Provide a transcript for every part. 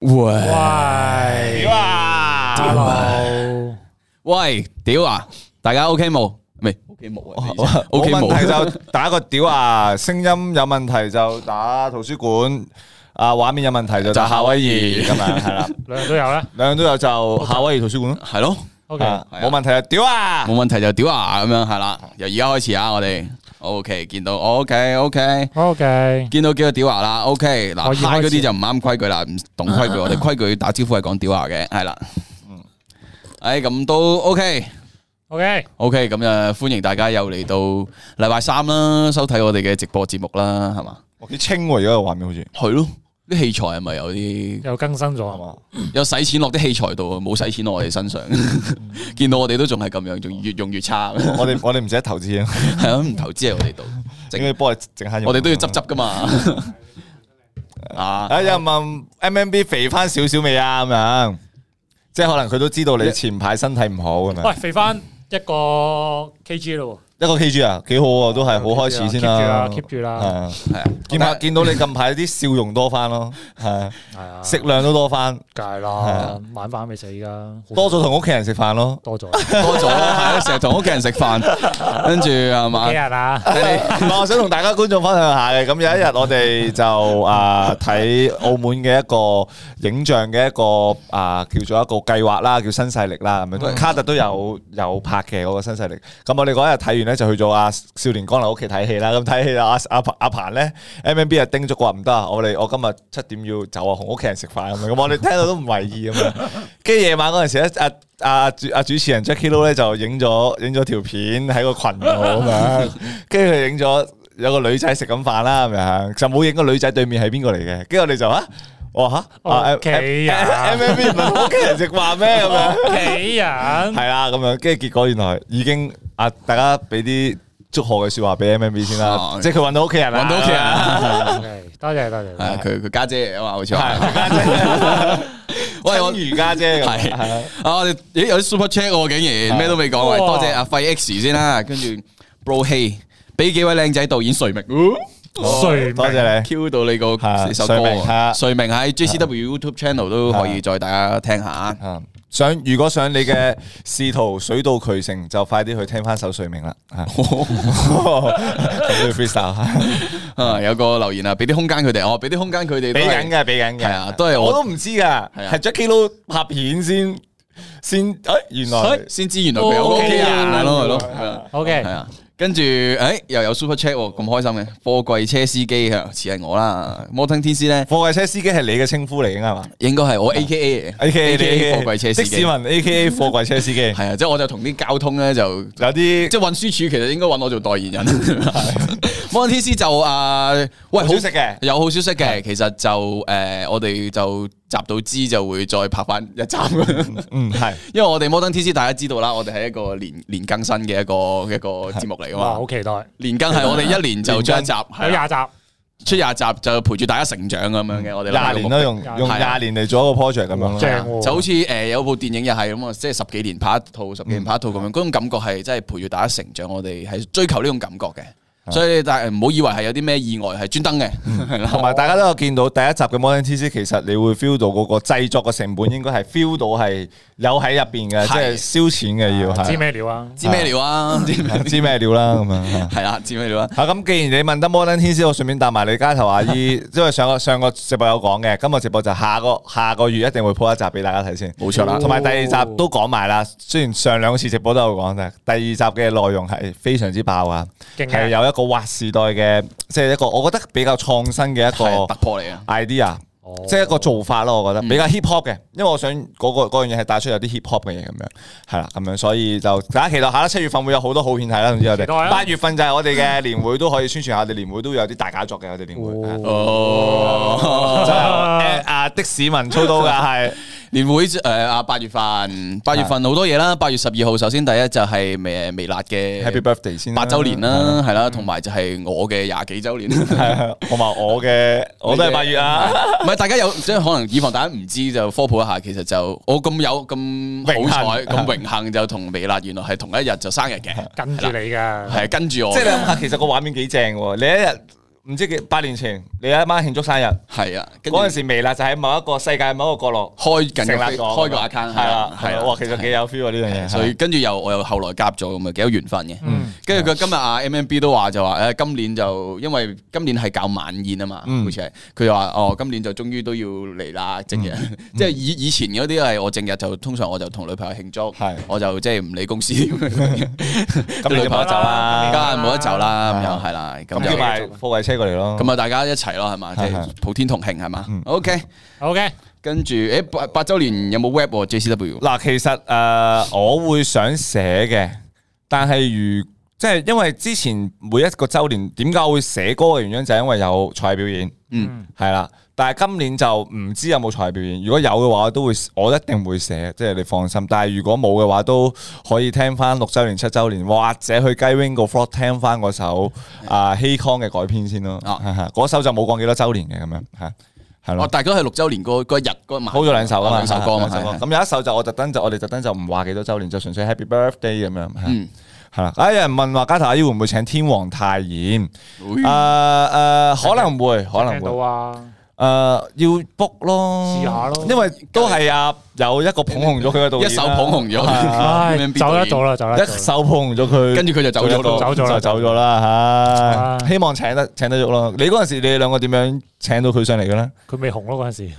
喂喂屌，喂屌啊！大家 OK 冇？唔係 OK 冇啊？冇問題就打個屌啊！聲音有問題就打圖書館啊！畫面有問題就打夏威夷咁樣，係啦，兩樣都有啦，兩樣都有就夏威夷圖書館咯，係咯，OK，冇問題啊！屌啊！冇問題就屌啊！咁樣係啦，由而家開始啊，我哋。O、OK, K，見到 O K O K O K，見到幾個屌話啦。O K 嗱 high 嗰啲就唔啱規矩啦，唔懂規矩，啊、我哋規矩打招呼係講屌話嘅，係啦。嗯，哎，咁都 O K O K O K，咁啊歡迎大家又嚟到禮拜三啦，收睇我哋嘅直播節目啦，係嘛？我幾清喎、啊，而家個畫面好似。係咯。啲器材係咪有啲？有更新咗係嘛？有使錢落啲器材度啊，冇使錢落我哋身上。見到我哋都仲係咁樣，仲越用越差。我哋我哋唔捨得投資啊。係啊，唔投資喺我哋度。整波下我哋都要執執噶嘛。啊！有人問 MMB 肥翻少少未啊？咁樣，即係可能佢都知道你前排身體唔好啊嘛。喂，肥翻一個 KG 咯。一個 K G 啊，幾好啊，都係好開始先啦。keep 住啦 k e 係啊，見下見到你近排啲笑容多翻咯，係，係啊，食量都多翻，梗係啦，晚飯未食依家，多咗同屋企人食飯咯，多咗，多咗，成日同屋企人食飯，跟住阿媽。屋企啊，我想同大家觀眾分享下嘅，咁有一日我哋就啊睇澳門嘅一個影像嘅一個啊叫做一個計劃啦，叫新勢力啦，咁樣，卡特都有有拍嘅嗰個新勢力，咁我哋嗰日睇完咧就去咗阿少年江嚟屋企睇戲啦，咁睇戲阿阿阿鵬咧 MMB 啊叮囑話唔得啊，啊 M、我哋我今日七點要走啊，同屋企人食飯咁樣，咁我哋聽到都唔為意咁樣。跟住夜晚嗰陣時咧，阿阿主阿主持人 Jackie Lou 咧就影咗影咗條片喺個群度咁樣，跟住佢影咗有個女仔食緊飯啦，咁樣就冇影個女仔對面係邊個嚟嘅，跟住我哋就啊。我吓啊，屋企人 MMB 唔係屋企人直話咩？咁樣？屋企人係啦，咁樣跟住結果原來已經啊，大家俾啲祝賀嘅說話俾 MMB 先啦，即係佢搵到屋企人搵到屋企人，多謝多謝，佢佢家姐啊嘛，好似係家姐，我如家姐咁，係啊，啊，咦有啲 Super Chat 竟然咩都未講，喂，多謝阿費 X 先啦，跟住 Bro Hey 俾幾位靚仔導演垂名。多謝你，Q 到你個呢首歌，睡名喺 J C W YouTube Channel 都可以再大家聽下啊。想如果想你嘅仕途水到渠成，就快啲去聽翻首睡名啦。啊，有個留言啊，俾啲空間佢哋，我俾啲空間佢哋，俾緊嘅，俾緊嘅，都係我都唔知噶，係 Jackie Lu 拍片先先，誒，原來先知原來佢有 O K 啊，係咯係咯，O K 係啊。跟住，誒、哎，又有 Super Chat 咁開心嘅貨櫃車司機啊，似係我啦。摩登天師咧，貨櫃車司機係你嘅稱呼嚟嘅係嘛？應該係我 A K A A K A 貨櫃車司機，的士文 A K A 貨櫃車司機係啊，即係我就同啲交通咧就有啲即係運輸處，其實應該揾我做代言人。 摩登天師就啊、呃，喂，好食嘅，有好消息嘅，息的其實就誒、呃，我哋就。集到知就會再拍翻一集。嗯，係，因為我哋摩登 TV 大家知道啦，我哋係一個年年更新嘅一個一個節目嚟㗎嘛。哇，好期待！年更係我哋一年就出一集，有廿 更、啊、集，出廿集就陪住大家成長咁樣嘅。嗯、我哋廿年都、啊、用用廿年嚟做一個 project 咁樣，就好似誒有部電影又係咁啊，即係十幾年拍一套，十幾年拍一套咁樣。嗰、嗯、種感覺係真係陪住大家成長，我哋係追求呢種感覺嘅。所以但係唔好以為係有啲咩意外係專登嘅，同埋大家都有見到第一集嘅摩登天師，其實你會 feel 到嗰個製作嘅成本應該係 feel 到係有喺入邊嘅，即係燒錢嘅。要知咩料啊？知咩料啊？知咩料啦？咁啊，係啊，知咩料啊？嚇，咁既然你問得摩登天師，我順便答埋李家頭阿姨，因為上個上個直播有講嘅，今個直播就下個下個月一定會播一集俾大家睇先，冇錯啦。同埋第二集都講埋啦，雖然上兩次直播都有講嘅，第二集嘅內容係非常之爆啊，係有一個。劃時代嘅，即、就、係、是、一個我覺得比較創新嘅一個突破嚟㗎 idea，oh. 即係一個做法咯，我覺得比較 hip hop 嘅，因為我想嗰、那個樣嘢係帶出有啲 hip hop 嘅嘢咁樣，係啦，咁樣所以就，大家期待下啦，七月份會有好多好片睇啦，總之我哋八月份就係我哋嘅年會，都可以宣傳下，我哋年會都有啲大佳作嘅，我哋年會哦，誒啊，的士文操刀嘅係。 年會，誒啊，八月份，八月份好多嘢啦。八月十二號首先第一就係誒微辣嘅八周年啦，係、嗯、啦，同埋就係我嘅廿幾周年，同埋、嗯 嗯、我嘅我都係八月啊，唔係大家有即係可能以防大家唔知就科普一下，其實就我咁有咁好彩咁榮，幸榮幸就同微辣原來係同一日就生日嘅的，跟住你㗎，係跟住我，即係你諗下，其實個畫面幾正喎，你一日，唔知幾八年前，你有一晚慶祝生日，係啊，嗰陣時微辣，就喺某一個世界某一個角落開緊個開個 account，係啦，係其實幾有 feel 喎呢樣嘢，所以跟住又我又後來夾咗咁啊，幾有緣分嘅。跟住佢今日啊 MMB 都話就話，誒今年就因為今年係搞晚宴啊嘛，好似係，佢又話哦今年就終於都要嚟啦，正日，即係以以前嗰啲係我正日就通常我就同女朋友慶祝，我就即係唔理公司咁女朋友走啦，而家冇得走啦，咁又係啦，咁就埋車過嚟咯，咁啊大家一齊咯，係嘛，即係是是 普天同慶係嘛，OK OK，跟住，誒、欸、八八周年有冇 web JCW？嗱，其實誒、呃、我會想寫嘅，但係如。即係因為之前每一個周年點解會寫歌嘅原因就係因為有才藝表演，嗯，係啦。但係今年就唔知有冇才藝表演。如果有嘅話，都會我一定會寫，即係你放心。但係如果冇嘅話，都可以聽翻六周年、七周年，或者去雞 wing 個 vlog 聽翻嗰首阿希康嘅改編先咯。嗰首就冇講幾多周年嘅咁樣吓，係咯。哦，但係六周年個日個晚咗兩首啊嘛，兩首歌。咁有一首就我特登就我哋特登就唔話幾多周年，就純粹 Happy Birthday 咁樣吓。係啦，有人問話加頭阿姨會唔會請天王泰然？誒誒，可能會，可能會。聽到啊。誒，要 book 咯。試下咯。因為都係啊，有一個捧紅咗佢嘅導演，一手捧紅咗。唉，走咗咗啦，走咗。一手捧紅咗佢，跟住佢就走咗咯，走咗就走咗啦。唉，希望請得請得足咯。你嗰陣時，你哋兩個點樣請到佢上嚟嘅咧？佢未紅咯，嗰陣時。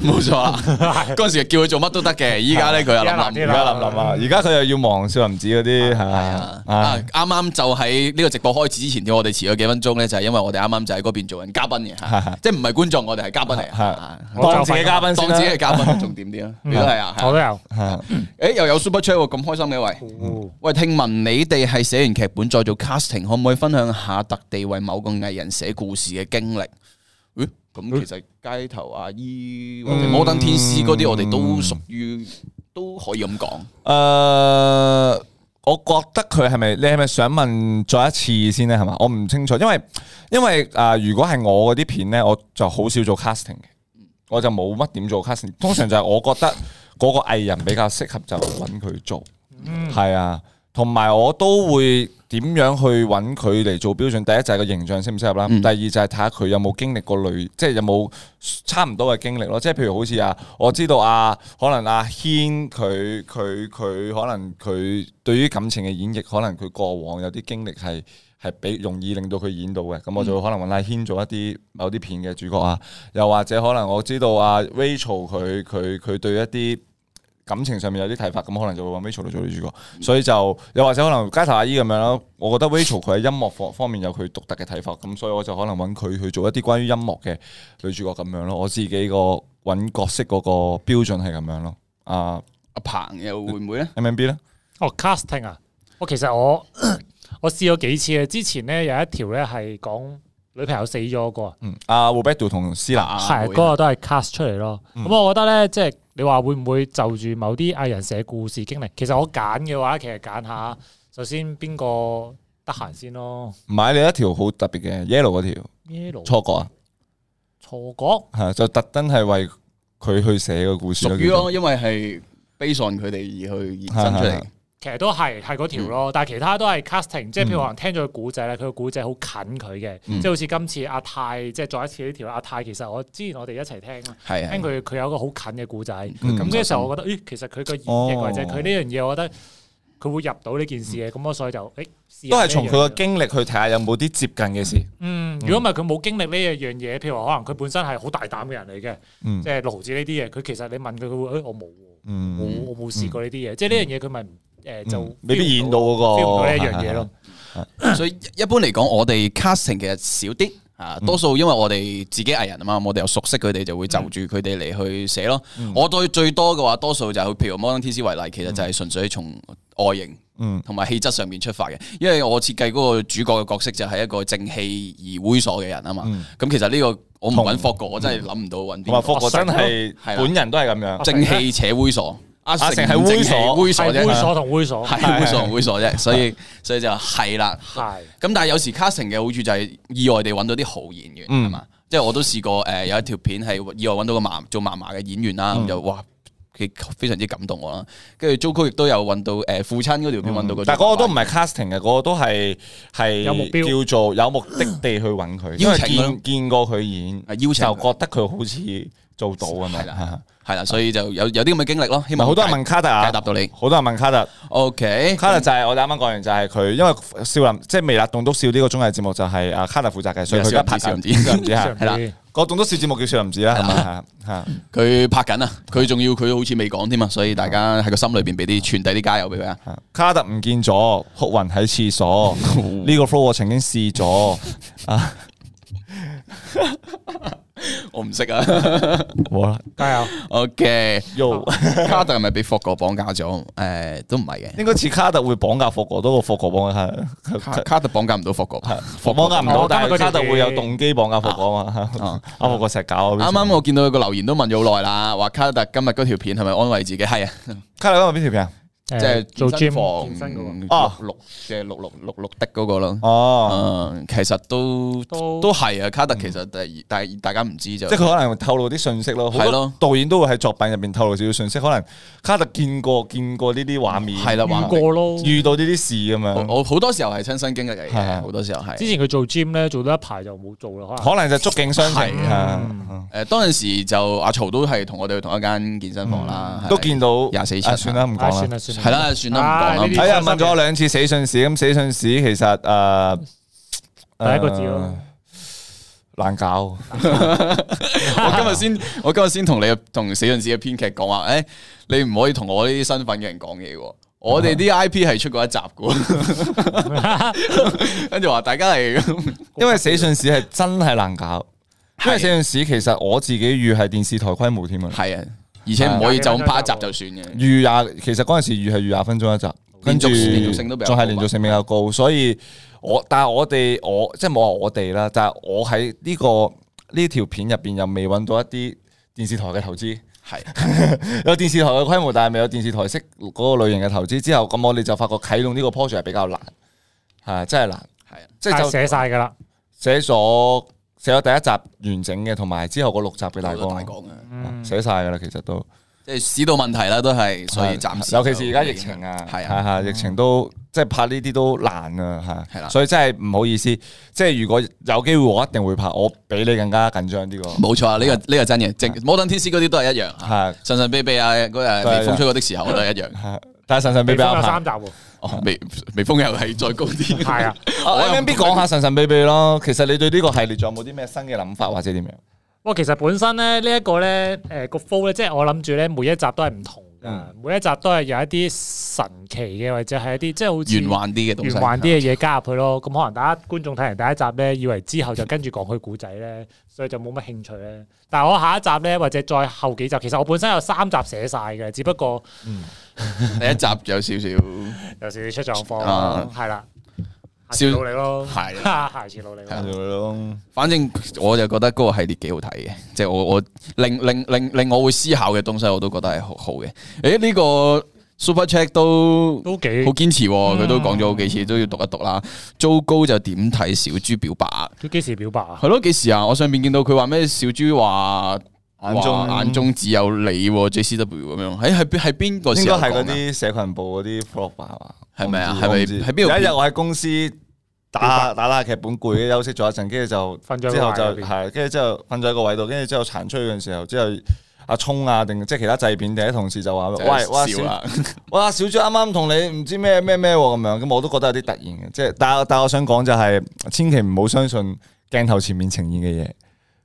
冇錯啦，嗰時叫佢做乜都得嘅，依家咧佢又諗諗，而家諗諗啦，而家佢又要忙少林寺嗰啲，係啱啱就喺呢個直播開始之前叫我哋遲咗幾分鐘咧，就因為我哋啱啱就喺嗰邊做緊嘉賓嘅，即係唔係觀眾，我哋係嘉賓嚟，當自己嘉賓，當自己嘅嘉賓重點啲啦，如果係啊，我都有，誒又有 super cheap 咁開心嘅一位，喂，聽聞你哋係寫完劇本再做 casting，可唔可以分享下特地為某個藝人寫故事嘅經歷？咁、嗯嗯、其實街頭阿、啊、姨、嗯、我摩登天使嗰啲，我哋都屬於、嗯、都可以咁講。誒、呃，我覺得佢係咪？你係咪想問再一次先咧？係嘛？我唔清楚，因為因為誒、呃，如果係我嗰啲片咧，我就好少做 casting 嘅，我就冇乜點做 casting、嗯。通常就係我覺得嗰個藝人比較適合就揾佢做，係、嗯、啊。同埋我都會點樣去揾佢嚟做標準？第一就係個形象適唔適合啦。第二就係睇下佢有冇經歷過類，即係有冇差唔多嘅經歷咯。即係譬如好似啊，我知道啊，可能阿軒佢佢佢可能佢對於感情嘅演繹，可能佢過往有啲經歷係係比容易令到佢演到嘅。咁我就可能揾阿軒做一啲某啲片嘅主角啊。嗯、又或者可能我知道啊 Rachel 佢佢佢對一啲。感情上面有啲睇法，咁可能就會揾 Rachel 嚟做女主角，所以就又或者可能加頭阿姨咁樣咯。E，我覺得 Rachel 佢喺音樂方面有佢獨特嘅睇法，咁所以我就可能揾佢去做一啲關於音樂嘅女主角咁樣咯。我自己個揾角色嗰個標準係咁樣咯。阿、啊、阿、啊、彭又會唔會呢？MMB 咧？哦、oh，casting 啊！我其實我 我試過幾次嘅，之前呢有一條呢係講。女朋友死咗、那個，嗯，阿胡 u b a 同斯蘭啊，係嗰個都係 cast 出嚟咯。咁、嗯、我覺得咧，即、就、係、是、你話會唔會就住某啲藝人寫故事經歷？其實我揀嘅話，其實揀下，首先邊個得閒先咯。唔係，你一條好特別嘅 yellow 嗰條，yellow 錯覺啊，錯覺，係就特登係為佢去寫個故事，屬於咯，因為係悲 a 佢哋而去延伸出嚟。其實都係係嗰條咯，但係其他都係 casting，即係譬如可能聽咗個古仔咧，佢個古仔好近佢嘅，即係好似今次阿泰，即係再一次呢條阿泰。其實我之前我哋一齊聽嘛，聽佢佢有一個好近嘅古仔，咁呢個時候我覺得，誒，其實佢個演繹或者佢呢樣嘢，我覺得佢會入到呢件事嘅，咁啊，所以就都係從佢個經歷去睇下有冇啲接近嘅事。嗯，如果唔係佢冇經歷呢一樣嘢，譬如話可能佢本身係好大膽嘅人嚟嘅，即係六毫子呢啲嘢，佢其實你問佢，佢會誒我冇，我冇試過呢啲嘢，即係呢樣嘢佢咪。誒就未必演到嗰個一樣嘢咯，所以一般嚟講，我哋 casting 其實少啲啊，多數因為我哋自己藝人啊嘛，我哋又熟悉佢哋，就會就住佢哋嚟去寫咯。我對最多嘅話，多數就係譬如摩登天使為例，其實就係純粹從外形同埋氣質上面出發嘅，因為我設計嗰個主角嘅角色就係一個正氣而猥瑣嘅人啊嘛。咁其實呢個我唔揾霍哥，我真係諗唔到揾啲學生係本人都係咁樣正氣且猥瑣。阿成係猥瑣，猥瑣，猥瑣同猥瑣，係猥瑣同猥瑣啫，所以所以就係啦，係。咁但係有時 casting 嘅好處就係意外地揾到啲好演員，係嘛？即係我都試過，誒，有一條片係意外揾到個嫲做嫲嫲嘅演員啦，咁就哇，佢非常之感動我啦。跟住租區亦都有揾到，誒，父親嗰條片揾到個，但嗰個都唔係 casting 嘅，嗰個都係係有目標叫做有目的地去揾佢，因為見見過佢演，就覺得佢好似做到啊嘛。係啦，所以就有有啲咁嘅經歷咯。係咪好多人問卡特啊？答到你，好多人問卡特。OK，卡特就係我哋啱啱講完，就係佢因為少林即係微辣棟篤笑呢個綜藝節目就係阿卡特負責嘅，所以佢而家拍少林寺。係啦，個棟篤笑節目叫少林寺啊，係嘛吓？佢拍緊啊，佢仲要佢好似未講添啊，所以大家喺個心裏邊俾啲傳遞啲加油俾佢啊。卡特唔見咗，哭暈喺廁所。呢個 flow 我曾經試咗啊。 我唔識懂啊，冇啦，加油。O Okay K，Yo， 卡特係咪俾霍格綁架咗？誒、嗯，都唔係嘅， 應該似卡特會綁架霍格，都個霍格幫佢。卡 卡特綁架唔到霍格，霍綁 架唔到，但係、 啊、卡特會有動機綁架霍格啊嘛。啊，阿霍格成日搞。啱啱我見到佢個留言都問咗好耐啦，話卡特今日嗰條片係咪安慰自己？係啊，卡特今日邊條片啊？ 即係做 gym，健身嗰六即係六六六六的嗰個咯。哦，其實都都係啊，卡特其實但係大家唔知就，即係佢可能透露啲信息咯。係咯，導演都會喺作品入邊透露少少信息，可能卡特見過見過呢啲畫面，係啦，遇過咯，遇到呢啲事咁樣。我好多時候係親身經歷嘅，好多時候係。之前佢做 gym 呢，做到一排就冇做啦，可能。就觸景傷情啊！誒，當陣時就阿曹都係同我哋同一間健身房啦，都見到廿四場。算啦，唔講啦。係啦，算啦。睇人、啊嗯、問咗我兩次、啊、死信史，咁死信史其實誒，呃、第一個字咯，啊、難搞。 我今日先，我今日先同你同死信史嘅編劇講話，誒，你唔可以同我呢啲身份嘅人講嘢嘅，我哋啲 I P 係出過一集嘅。跟住話大家係，因為死信史係真係難搞，的因為死信史其實我自己預係電視台規模添啊。係啊的。而且唔可以就咁拍一集就算嘅，預廿其實嗰陣時，預係預廿分鐘一集，的跟住仲係連續性比較高，的所以我但係我哋我即係冇話我哋啦，但係我喺呢個呢條片入邊又未搵到一啲電視台嘅投資，係的 有電視台嘅規模，但係未有電視台式嗰個類型嘅投資之後，咁我哋就發覺啟動呢個 project 係比較難，係真係難，係的即係就寫晒噶啦，寫咗。寫咗第一集完整嘅，同埋之後嗰六集嘅大綱，寫晒噶啦，其實都、嗯、即係市道問題啦，都係所以暫時，尤其是而家疫情啊，係、嗯、啊，疫情都即係拍呢啲都難啊，吓係啦，啊、所以真係唔好意思，即係如果有機會我一定會拍，我比你更加緊張啲個，冇錯啊，呢個呢個真嘅，《摩登天使》嗰啲都係一樣，係、啊《神神秘秘》啊，嗰日微風吹過的時候都係一樣，是啊 啊、但係《神神秘秘，秘，秘、啊》三集、哦。哦、微微風又係再高啲，係啊！啊我 MMB 講下神神秘秘咯。其實你對呢個系列仲有冇啲咩新嘅諗法或者點樣？哇！其實本身咧呢一個咧，誒、這個 fall 咧，即係我諗住咧每一集都係唔同噶，嗯、每一集都係有一啲神奇嘅或者係一啲即係好似玄幻啲嘅玄幻啲嘅嘢加入去咯。咁、嗯、可能大家觀眾睇完第一集咧，以為之後就跟住講佢古仔咧，嗯、所以就冇乜興趣咧。但係我下一集咧，或者再後幾集，其實我本身有三集寫晒嘅，只不過嗯。你 一集就有少少， 有少少出狀況，係啦、嗯，嗯、下次努力咯，係少，下次努力，咯。反正我就覺得嗰個系列幾好睇嘅，即、就、係、是、我我令令令令我會思考嘅東西，我都覺得係好好嘅。誒、欸，呢、這個 Super Check 都堅都幾好堅持，佢都講咗好幾次，都要讀一讀啦。糟糕、嗯、就點睇小豬表白？佢幾時表白時啊？係咯，幾時啊？我上面見到佢話咩？小豬話。眼中，眼中只有你 JCW 咁樣，誒係邊係邊個時候？應該係嗰啲社群部嗰啲 profile 係嘛？係咪啊？係咪子？喺邊度？有子一日我喺公司打打下劇本，攰，休息咗一陣，跟住就之後就係，跟住之後瞓咗一個位度，跟住之後殘吹嘅時候，之後阿聰啊，定即係其他製片定同事就話，喂，哇小，哇，小朱啱啱同你唔知咩咩咩咁樣，咁我都覺得有啲突然嘅。即係但但我想講就係，千祈唔好相信鏡頭前面呈現嘅嘢。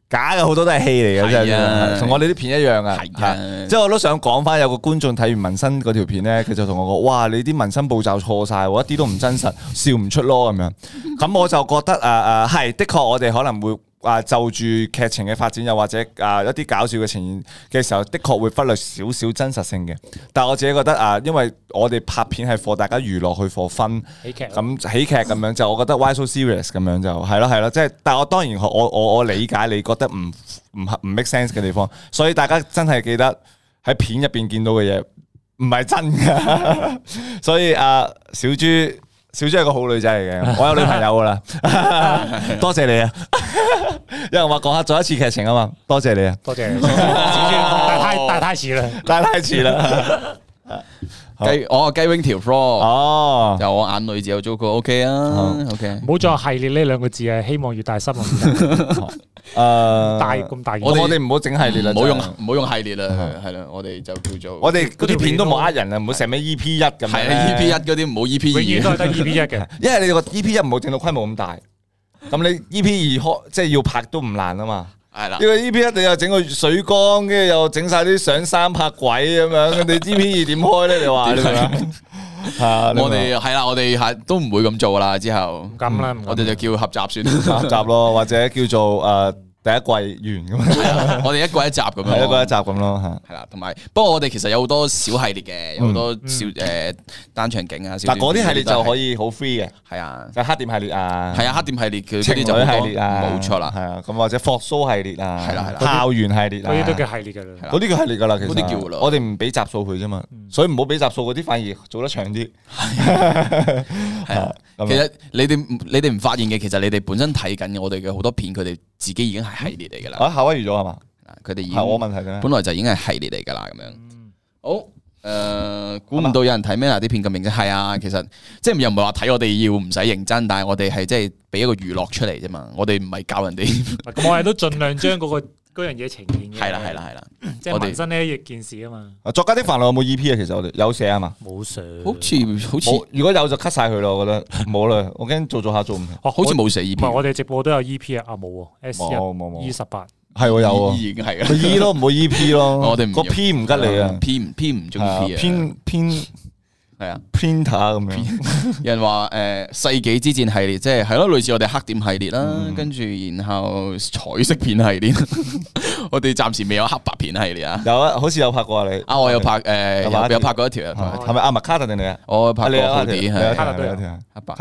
假嘅，好多都係戲嚟嘅，真係同我哋啲片一樣啊！係、啊，即係、啊、我都想講翻，有個觀眾睇完紋身嗰條片咧，佢就同我講：，哇！你啲紋身步驟錯晒，一啲都唔真實，笑唔出咯咁樣。咁我就覺得啊 啊，係、啊、的確我哋可能會。啊，就住劇情嘅發展，又或者啊一啲搞笑嘅情現嘅時候，的確會忽略少少真實性嘅。但我自己覺得啊，因為我哋拍片係 for 大家娛樂去 for fun 喜劇咁喜劇咁樣就，我覺得 why so serious 咁樣就係咯，係咯，即係、就是。但我當然我我我理解你覺得唔唔 make sense 嘅地方，所以大家真係記得喺片入邊見到嘅嘢，唔係真嘅。 所以啊，小豬。小姐係個好女仔嚟嘅，我有女朋友噶啦， 多謝你啊！有人話講下再一次劇情啊嘛，多謝你啊，多謝你，小姐，太太太遲啦大太遲啦 遲 雞哦，雞 wing 條 floor，哦，就我眼淚只有糟糕，OK 啊，OK，唔好再系列呢兩個字啊，希望越大失望，誒，大咁大，我哋唔好整系列啦，唔好用唔好用系列啦，係啦，我哋就叫做，我哋嗰啲片都冇呃人啊，唔好成咩 E P 一咁，係 E P 一嗰啲唔好 E P 二，永遠都係得 E P 一嘅，因為你個 E P 一唔好整到規模咁大，咁你 E P 二開，即係要拍都唔難啊嘛。係啦，因為呢邊一定又整個水缸，跟住又整晒啲上山拍鬼咁樣，你知 ep 二點開咧？ 你話你咪，我哋係啦，我哋係都唔會咁做啦。之後唔敢啦，嗯、我哋就叫合集算 合集咯，或者叫做誒。Uh, 第一季完咁，我哋一季一集咁樣，一季一集咁咯吓，係啦。同埋，不過我哋其實有好多小系列嘅，有好多小誒單場景啊。但嗰啲系列就可以好 free 嘅，係啊，黑店系列啊，係啊，黑店系列嘅，情侶系列冇錯啦，係啊。咁或者霍蘇系列啊，係啦，校園系列，都叫系列噶啦，嗰啲叫系列噶啦，其實，我哋唔俾集數佢啫嘛，所以唔好俾集數，嗰啲反而做得長啲。係啊，其實你哋你哋唔發現嘅，其實你哋本身睇緊嘅，我哋嘅好多片，佢哋自己已經係。系列嚟噶啦，啊夏威夷咗係嘛，佢哋已經、啊、我問題嘅，本來就已經係系列嚟噶啦咁樣。好誒、嗯，估唔、哦呃、到有人睇咩啊啲片咁認真係啊，其實即係、就是、又唔係話睇我哋要唔使認真，但係我哋係即係俾一個娛樂出嚟啫嘛，我哋唔係教人哋。咁我哋都盡量將嗰個。 嗰樣嘢呈現嘅係啦係啦係啦，啦啦即係民身呢我們一件事啊嘛。作家啲煩惱有冇 E P 啊？其實我哋有寫啊嘛。冇寫有。好似我好似，如果有就 cut 晒佢咯。我覺得冇啦，我驚做咗下做唔。哦，好似冇寫 E P。唔係我哋直播都有 E P 啊，阿、啊、冇。冇冇冇，E 十八係我有啊，已經係啊。 e 囉 EP 咯，唔好 E P 咯、啊。我哋個 P 唔吉利啊，P P 唔中意 P 啊，偏偏。係啊，printer 咁樣，人話誒世紀之戰系列，即係係咯，類似我哋黑點系列啦，跟住然後彩色片系列，我哋暫時未有黑白片系列啊。有啊，好似有拍過啊，你啊，我有拍誒，有拍過一條，係咪阿麥卡特定你啊？我拍過一條，卡特有黑白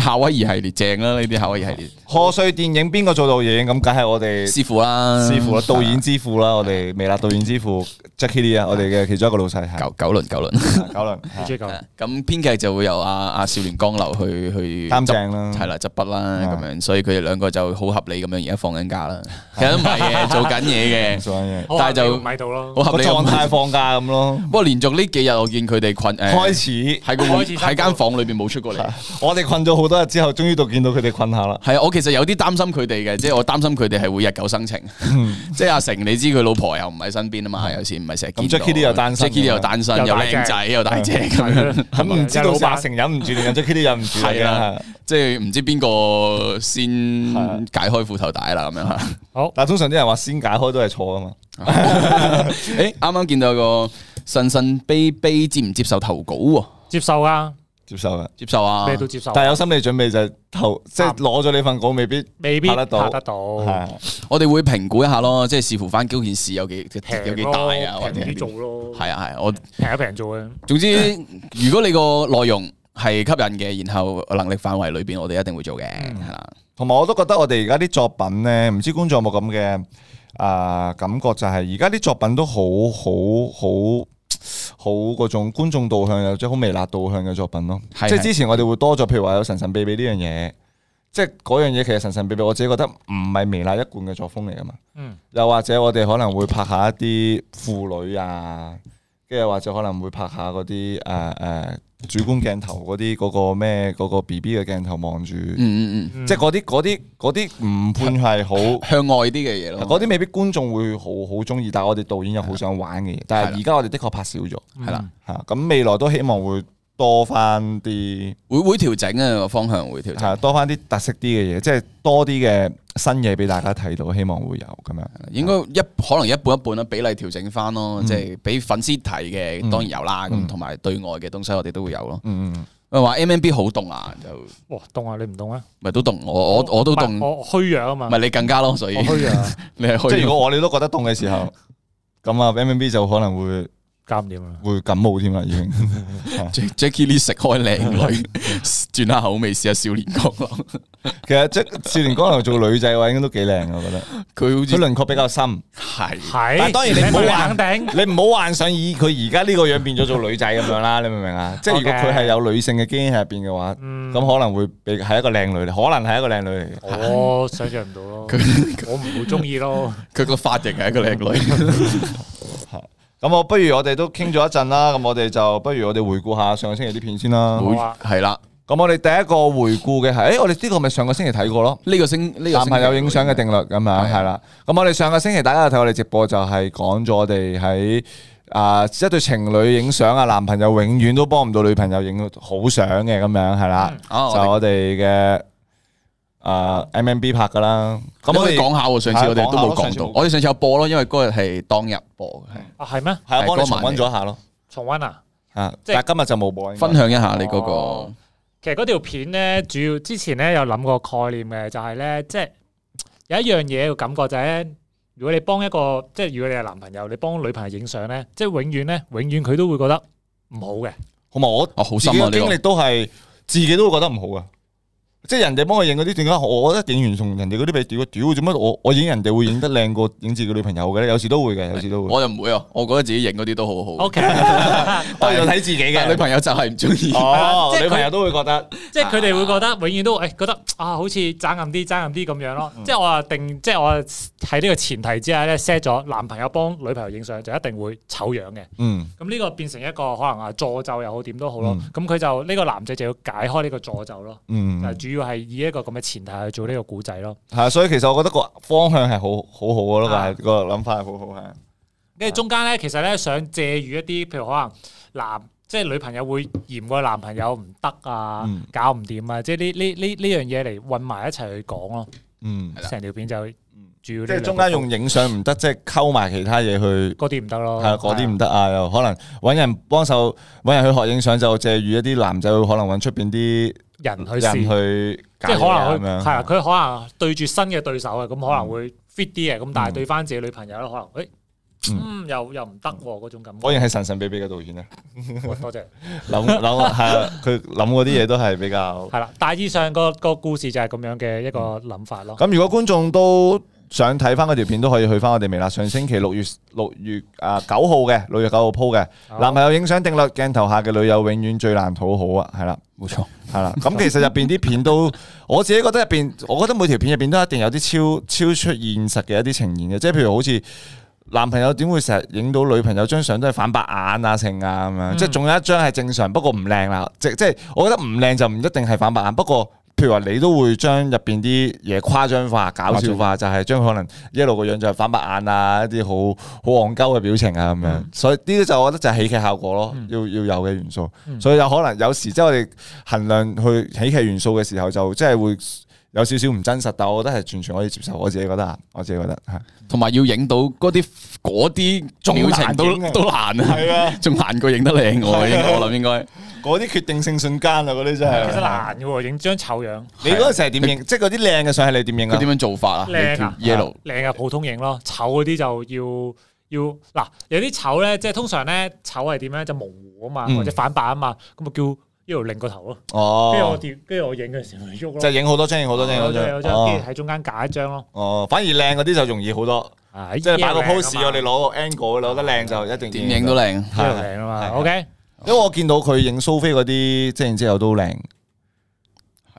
夏威夷系列正啦，呢啲夏威夷系列。賀歲電影邊個做導演？咁梗係我哋師傅啦，師傅啦，導演之父啦，我哋微辣導演之父。Jackie Lee 啊，我哋嘅其中一個老細係九九輪九輪九輪，中九輪。咁編劇就會由阿阿少年江流去去探正啦，係啦，執筆啦咁樣，所以佢哋兩個就好合理咁樣而家放緊假啦。其實唔係嘅，做緊嘢嘅，但係就買到咯。好合理狀態放假咁咯。不過連續呢幾日我見佢哋困開始喺個喺間房裏邊冇出過嚟。我哋困咗好多日之後，終於都見到佢哋困下啦。係啊，我其實有啲擔心佢哋嘅，即係我擔心佢哋係會日久生情。即係阿成，你知佢老婆又唔喺身邊啊嘛，有時。咪成日咁 Jacky 啲又單身 Jacky 啲又單身， 又靚仔又大隻咁樣，咁唔知老百成忍唔住 ，Jacky 忍唔住啦， 啊、 即係唔知邊個先解開褲頭帶啦咁樣。 好，但通常啲人話先解開都係錯啊嘛。誒、 欸，啱啱見到個神神秘秘接唔接受投稿喎、啊？接受啊！接受啊，接受啊，咩都接受。但係有心理準備就係投，即係攞咗你份稿未必拍得到，未必拍得到。啊、我哋會評估一下咯，即、就、係、是、視乎翻嗰件事有幾有幾大啊，或者有做咯。係啊係啊，我平一平做啊。總之，如果你個內容係吸引嘅，然後能力範圍裏邊，我哋一定會做嘅。吓、嗯，同埋、啊、我都覺得我哋而家啲作品咧，唔知觀眾有冇咁嘅啊感覺，就係而家啲作品都好，好，好。好好好好好嗰種觀眾導向又即係好微辣導向嘅作品咯，是的 即係之前我哋會多咗，譬如話有神神秘秘呢樣嘢，即係嗰樣嘢其實神神秘秘，我自己覺得唔係微辣一貫嘅作風嚟噶嘛。嗯，又或者我哋可能會拍下一啲婦女啊。跟住或者可能會拍下嗰啲誒誒主觀鏡頭，嗰啲嗰個咩，嗰個 BB 嘅鏡頭望住、嗯，嗯嗯嗯，即係嗰啲嗰啲嗰啲唔判係好向外啲嘅嘢咯，嗰啲未必觀眾會好好中意，但係我哋導演又好想玩嘅嘢，的但係而家我哋的確拍少咗，係啦嚇，咁的未來都希望會。多翻啲會會調整啊個方向會調整，多翻啲特色啲嘅嘢，即係多啲嘅新嘢俾大家睇到，希望會有咁樣。應該一可能一半一半啦，比例調整翻咯，即係俾粉絲睇嘅當然有啦。咁同埋對外嘅東西我哋都會有咯。嗯嗯，話 MMB 好凍啊，就哇凍啊，你唔凍啊？咪都凍，我我我都凍，我虛弱啊嘛。咪你更加咯，所以虛弱。你係虛即係我我哋都覺得凍嘅時候，咁啊 MMB 就可能會。加唔掂啊！會感冒添啦，已經。Jackie Lee 食開靚女，轉下口味試下少年哥。其實即少年哥又做女仔嘅話，應該都幾靚。我覺得佢好似輪廓比較深，係係。但係當然你唔好幻想，你唔好幻想以佢而家呢個樣變咗做女仔咁樣啦。你明唔明啊？即係如果佢係有女性嘅基因喺入邊嘅話，咁可能會係一個靚女嚟，可能係一個靚女嚟。我想象唔到咯，我唔好中意咯。佢個髮型係一個靚女。咁我不如我哋都傾咗一陣啦，咁我哋就不如我哋回顧下上個星期啲片先啦。係啦、啊，咁我哋第一個回顧嘅係，誒、欸，我哋呢個咪上個星期睇過咯。呢個星、呢個、星男朋友影相嘅定律咁樣係啦。咁我哋上個星期大家睇我哋直播就係講咗我哋喺啊一對情侶影相啊，男朋友永遠都幫唔到女朋友影好相嘅咁樣係啦、啊，嗯、就我哋嘅。嗯誒，MMB 拍噶啦，咁我哋講下喎。上次我哋都冇講到，我哋上次有播咯，因為嗰日係當日播嘅。啊，係咩？係啊，我幫你重溫咗一下咯。重溫啊！吓，但係今日就冇播。分享一下你嗰個，其實嗰條片咧，主要之前咧有諗過概念嘅，就係咧，即係有一樣嘢嘅感覺就係咧，如果你幫一個，即係如果你係男朋友，你幫女朋友影相咧，即係永遠咧，永遠佢都會覺得唔好嘅。好冇，我我好深啊，呢個經歷都係自己都會覺得唔好噶。即係人哋幫我影嗰啲點解？我覺得影完同人哋嗰啲比屌屌，做乜？我我影人哋會影得靚過影自己女朋友嘅咧？有時都會嘅，有時都會。我又唔會啊！我覺得自己影嗰啲都好好。OK，我係睇自己嘅女朋友就係唔中意，女朋友都會覺得，即係佢哋會覺得永遠都誒覺得啊，好似爭暗啲、爭暗啲咁樣咯。即係我話定，即係我喺呢個前提之下咧 set 咗男朋友幫女朋友影相就一定會醜樣嘅。嗯，咁呢個變成一個可能啊助咒又好點都好咯。咁佢就呢個男仔就要解開呢個助咒咯。嗯，就主。要係以一個咁嘅前提去做呢個故仔咯，係啊，所以其實我覺得個方向係好好好噶咯，但係個諗法係好好係。跟住中間咧，其實咧想借喻一啲，譬如可能男，即係女朋友會嫌個男朋友唔得啊，搞唔掂啊，即係呢呢呢呢樣嘢嚟混埋一齊去講咯。嗯，成條片就主要即係中間用影相唔得，即係溝埋其他嘢去。嗰啲唔得咯，係啊，嗰啲唔得啊，又可能搵人幫手，搵人去學影相，就借喻一啲男仔，可能搵出面啲。人去試，即係可能去，啊樣，佢可能對住新嘅對手啊，咁、嗯、可能會 fit 啲嘅，咁但係對返自己女朋友咧，可能誒，嗯，嗯，又又唔得喎，嗰種感覺。果然係神神秘秘嘅導演啊 多謝諗諗係啊，佢諗嗰啲嘢都係比較係啦， 大致上個個故事就係咁樣嘅一個諗法咯。咁、嗯、如果觀眾都。想睇翻嗰條片都可以去翻我哋微辣上星期六月六月啊九號嘅，六月九號鋪嘅男朋友影相定律，鏡頭下嘅女友永遠最難討好啊，係啦，冇錯，係啦。咁其實入邊啲片都我自己覺得入邊，我覺得每條片入邊都一定有啲超超出現實嘅一啲呈現嘅，即係譬如好似男朋友點會成日影到女朋友張相都係反白眼啊成啊咁樣，等等嗯、即係仲有一張係正常不過唔靚啦，即即係我覺得唔靚就唔一定係反白眼，不過。譬如話你都會將入邊啲嘢誇張化、搞笑化，啊、就係將可能一路個樣就反白眼啊，一啲好好戇鳩嘅表情啊咁樣，嗯、所以呢啲就我覺得就係喜劇效果咯，嗯、要要有嘅元素。所以有可能有時即係我哋衡量去喜劇元素嘅時候，就即係會。有少少唔真實，但我覺得係完全可以接受。我自己覺得，我自己覺得同埋要影到嗰啲啲表情都都難啊，係啊，仲難過影得靚喎，應該我諗應該。嗰啲決定性瞬間啊，嗰啲真係。其實難嘅喎，影張醜樣。你嗰陣時係點影？即係嗰啲靚嘅相係你點影啊？佢點樣做法啊？靚啊，yellow 靚啊，普通影咯。醜嗰啲就要要嗱，有啲醜咧，即係通常咧醜係點咧？就模糊啊嘛，或者反白啊嘛，咁啊叫。一路擰個頭咯，跟住、哦、我跟住我影嘅時候喐咯，就影好多張，影好多張，跟住喺中間夾一張咯。哦，反而靚嗰啲就容易好多，即係擺個 pose，我哋攞個 angle，攞得靚就一定。電影都靚，係啊嘛的？OK，因為我見到佢影蘇菲嗰啲，即係之後都靚。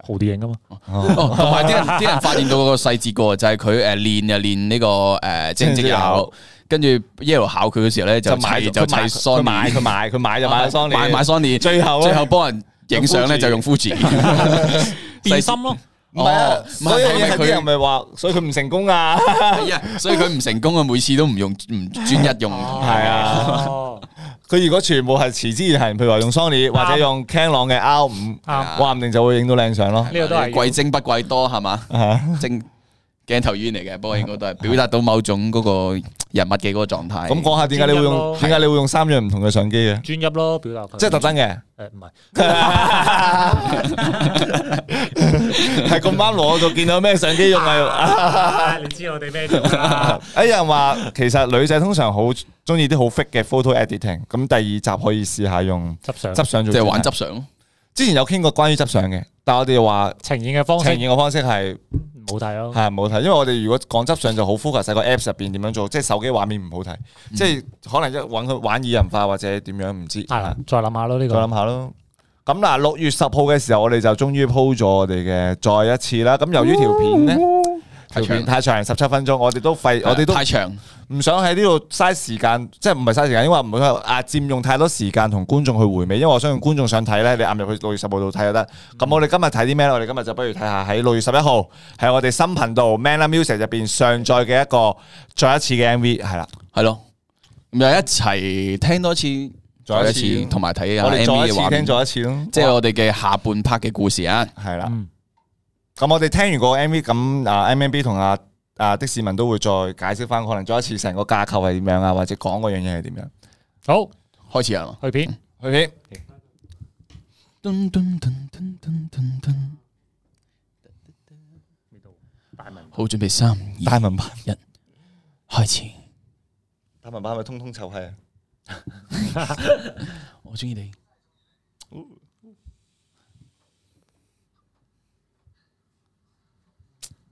好電影啊嘛，哦，同埋啲人啲人發現到嗰個細節過，就係佢誒練又練呢個誒正正考，跟住一路考佢嘅時候咧就買就買 Sony，買佢買佢買就買 Sony，買買 Sony，最後最後幫人影相咧就用 Fuji，細心咯，唔係佢又咪話，所以佢唔成功啊，所以佢唔成功啊，每次都唔用唔專一用，係啊。佢如果全部係持之以恒，譬如話用 Sony 或者用 Canon 嘅 R 五，話唔定就會影到靚相咯。呢個都係貴精不貴多，係嘛？ 鏡頭語言嚟嘅，不過應該都係表達到某種嗰個人物嘅嗰個狀態。咁講下點解你會用？點解你會用三樣唔同嘅相機啊？專業咯，表達。即係特登嘅。誒，唔係。係咁啱攞到見到咩相機用係？你知我哋咩？有人話其實女仔通常好中意啲好 fit 嘅 photo editing。咁第二集可以試下用。執相執相，即係玩執相。之前有傾過關於執相嘅，但係我哋話呈現嘅方呈現嘅方式係。冇睇咯，係冇睇，因為我哋如果講執相就好 focus，喺個 app 入邊點樣做，即係手機畫面唔好睇，嗯、即係可能一搵佢玩擬人化或者點樣唔知。係啦、嗯，再諗下咯，呢個再想想，再諗下咯。咁嗱，六月十號嘅時候，我哋就終於鋪咗我哋嘅再一次啦。咁由於條片呢。太長，十七分鐘，我哋都廢，我哋都太長，唔想喺呢度嘥時間，即係唔係嘥時間，因為唔會啊佔用太多時間同觀眾去回味，因為我相信觀眾想睇咧，你按入去六月十號度睇就得。咁我哋今日睇啲咩咧？我哋今日就不如睇下喺六月十一號，喺我哋新頻道 Man 啦 Music 入邊上載嘅一個再一次嘅 MV，係啦，係咯，咪一齊聽多一次，再一次，同埋睇啊 MV 嘅話，聽咗一次咯，即係我哋嘅下半 part 嘅故事啊，係啦。咁我哋聽完個 M V，咁啊 MMB 同啊啊的士文都會再解釋翻，可能再一次成個架構係點樣啊，或者講嗰樣嘢係點樣。好，開始啊，去片，去片。噔噔噔噔噔噔噔，未到，大文。好，準備三，大文版一，開始。大文版係咪通通臭係啊？我中意你。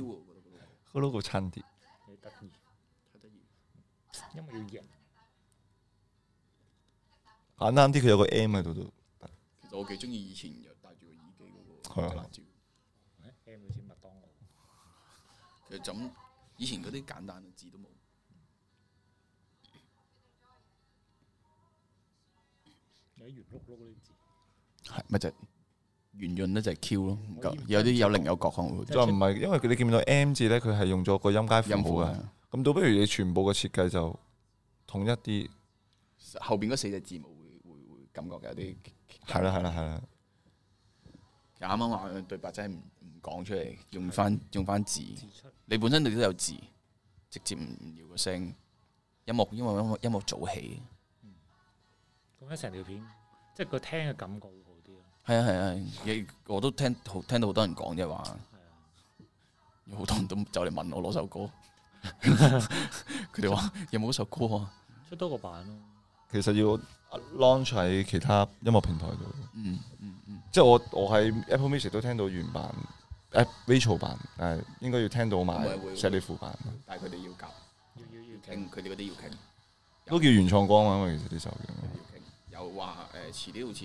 佢攞個撐啲，你有冇留意？簡單啲佢有個 M 喺度都。其實我幾中意以前又戴住個耳機嗰個，係啊，辣椒，M 好似麥當勞。其實咁以前嗰啲簡單嘅字都冇，你喺圓碌碌嗰啲字。係咪就。圓潤咧就係 Q 咯，有啲有棱有角可能會。即係唔係，因為佢你見到 M 字咧，佢係用咗個音階符號嘅。咁倒不如你全部嘅設計就統一啲。後邊嗰四隻字母會會會感覺有啲。係啦係啦係啦。啱啱話對白真係唔唔講出嚟，用翻用翻字。你本身你都有字，直接唔要個聲。音樂因為音樂音樂早起。咁樣成條片，即係個聽嘅感覺。係啊係啊，亦我都聽聽到好多人講啫話，有好多人都走嚟問我攞首歌，佢哋話有冇嗰首歌啊？出多個版咯。其實要 launch 喺其他音樂平台度。嗯嗯嗯，即係我我喺 Apple Music 都聽到原版，Apple Music 版，誒應該要聽到埋 Shelly 副版，但係佢哋要夾，要要要傾，佢哋嗰啲要傾，都叫原創歌啊嘛，因為其實呢首要嘢。又話誒，遲啲好似。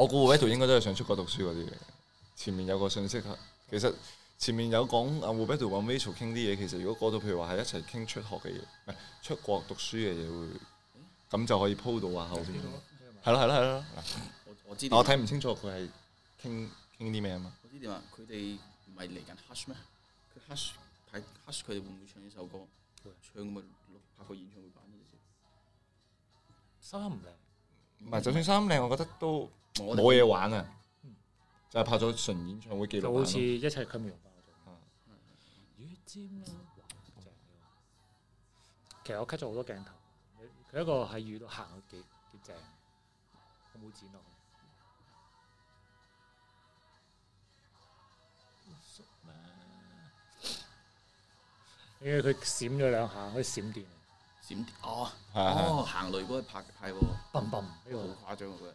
我估 Waldo 應該都係想出國讀書嗰啲嘅，前面有個訊息，其實前面有講阿 Waldo 同 Rachel 傾啲嘢，其實如果過到譬如話係一齊傾出學嘅嘢，唔係出國讀書嘅嘢會，咁就可以鋪到話後邊。係囉係囉係囉，我我知道。我睇唔清楚佢係傾傾啲咩啊嘛。我知點啊，佢哋唔係嚟緊 Hush 咩？佢 Hush 睇 Hush，佢哋會唔會唱呢首歌？唱咪錄拍個演唱會版先。三唔靚，唔係就算三靚，我覺得都。冇嘢玩啊，就係拍咗純演唱會記錄版啊，就好似一切佢未用翻。其實我 cut 咗好多鏡頭，佢一個喺雨度行，幾幾正，我冇剪落去。因為佢閃咗兩下，可以閃電，閃電哦哦，哦哦行雷嗰個拍係喎，嘣嘣，好誇張啊！佢、啊。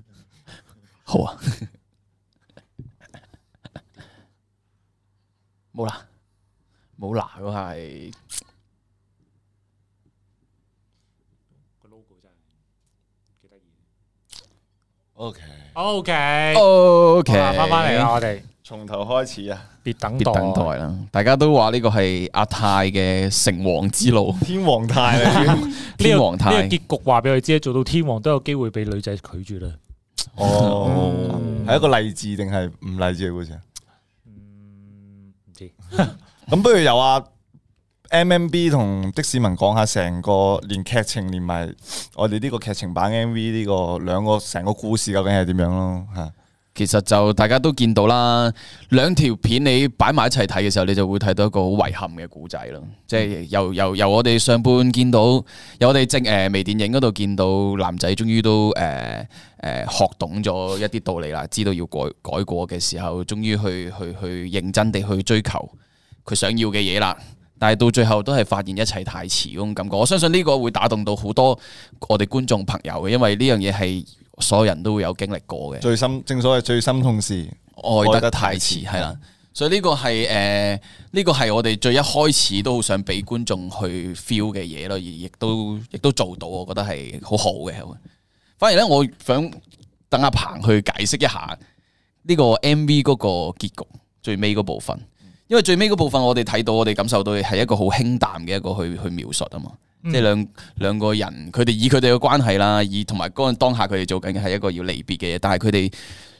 O K，好啦，翻翻嚟啦，我哋從頭開始啊，別等待，別等待啦！大家都話呢個係阿泰嘅成王之路， 天王泰啊， 天王泰，呢個結局話俾佢知，做到天王都有機會俾女仔拒絕啦。哦，係 一個勵志定係唔勵志嘅故事啊？唔知咁，不如由阿。M M B 同的士文講下成個連劇情連埋我哋呢個劇情版 M V 呢個兩個成個故事究竟係點樣咯吓？其實就大家都見到啦，兩條片你擺埋一齊睇嘅時候，你就會睇到一個好遺憾嘅故仔咯。嗯、即係由由由我哋上半見到，由我哋正誒、呃、微電影嗰度見到男仔終於都誒誒、呃呃、學懂咗一啲道理啦，知道要改改過嘅時候，終於去去去，去認真地去追求佢想要嘅嘢啦。但係到最後都係發現一切太遲嗰種感覺，我相信呢個會打動到好多我哋觀眾朋友嘅，因為呢樣嘢係所有人都會有經歷過嘅。最深，正所謂最深痛時愛得太遲，係啦，太遲。係。所以呢個係誒，呢、呃呢個係我哋最一開始都好想俾觀眾去 feel 嘅嘢咯，亦都亦都做到，我覺得係好好嘅。反而呢，我想等阿彭去解釋一下呢個 MV 嗰個結局最尾嗰部分。因為最尾嗰部分，我哋睇到，我哋感受到係一個好清淡嘅一個去去描述啊嘛，嗯、即係兩兩個人，佢哋以佢哋嘅關係啦，以同埋嗰當下佢哋做緊嘅係一個要離別嘅嘢，但係佢哋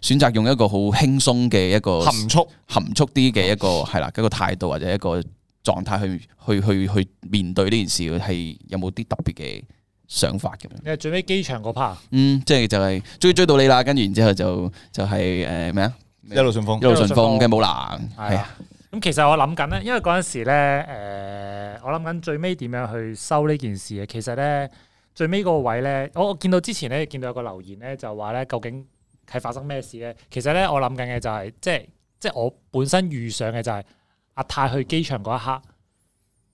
選擇用一個好輕鬆嘅一個含蓄、含蓄啲嘅一個係啦，一個態度或者一個狀態去去去去,去面對呢件事嘅係有冇啲特別嘅想法咁樣？你係最尾機場嗰 part？嗯，即係就係、是、追追到你啦，跟住然之後就就係誒咩啊？呃、一路順風，一路順風，跟住冇啦係啊！咁其實我諗緊咧，因為嗰陣時咧，誒、呃，我諗緊最尾點樣去收呢件事嘅。其實咧，最尾嗰個位咧，我我見到之前咧，見到有個留言咧，就話咧，究竟係發生咩事咧？其實咧，我諗緊嘅就係、是，即係即係我本身遇上嘅就係、是、阿泰去機場嗰一刻，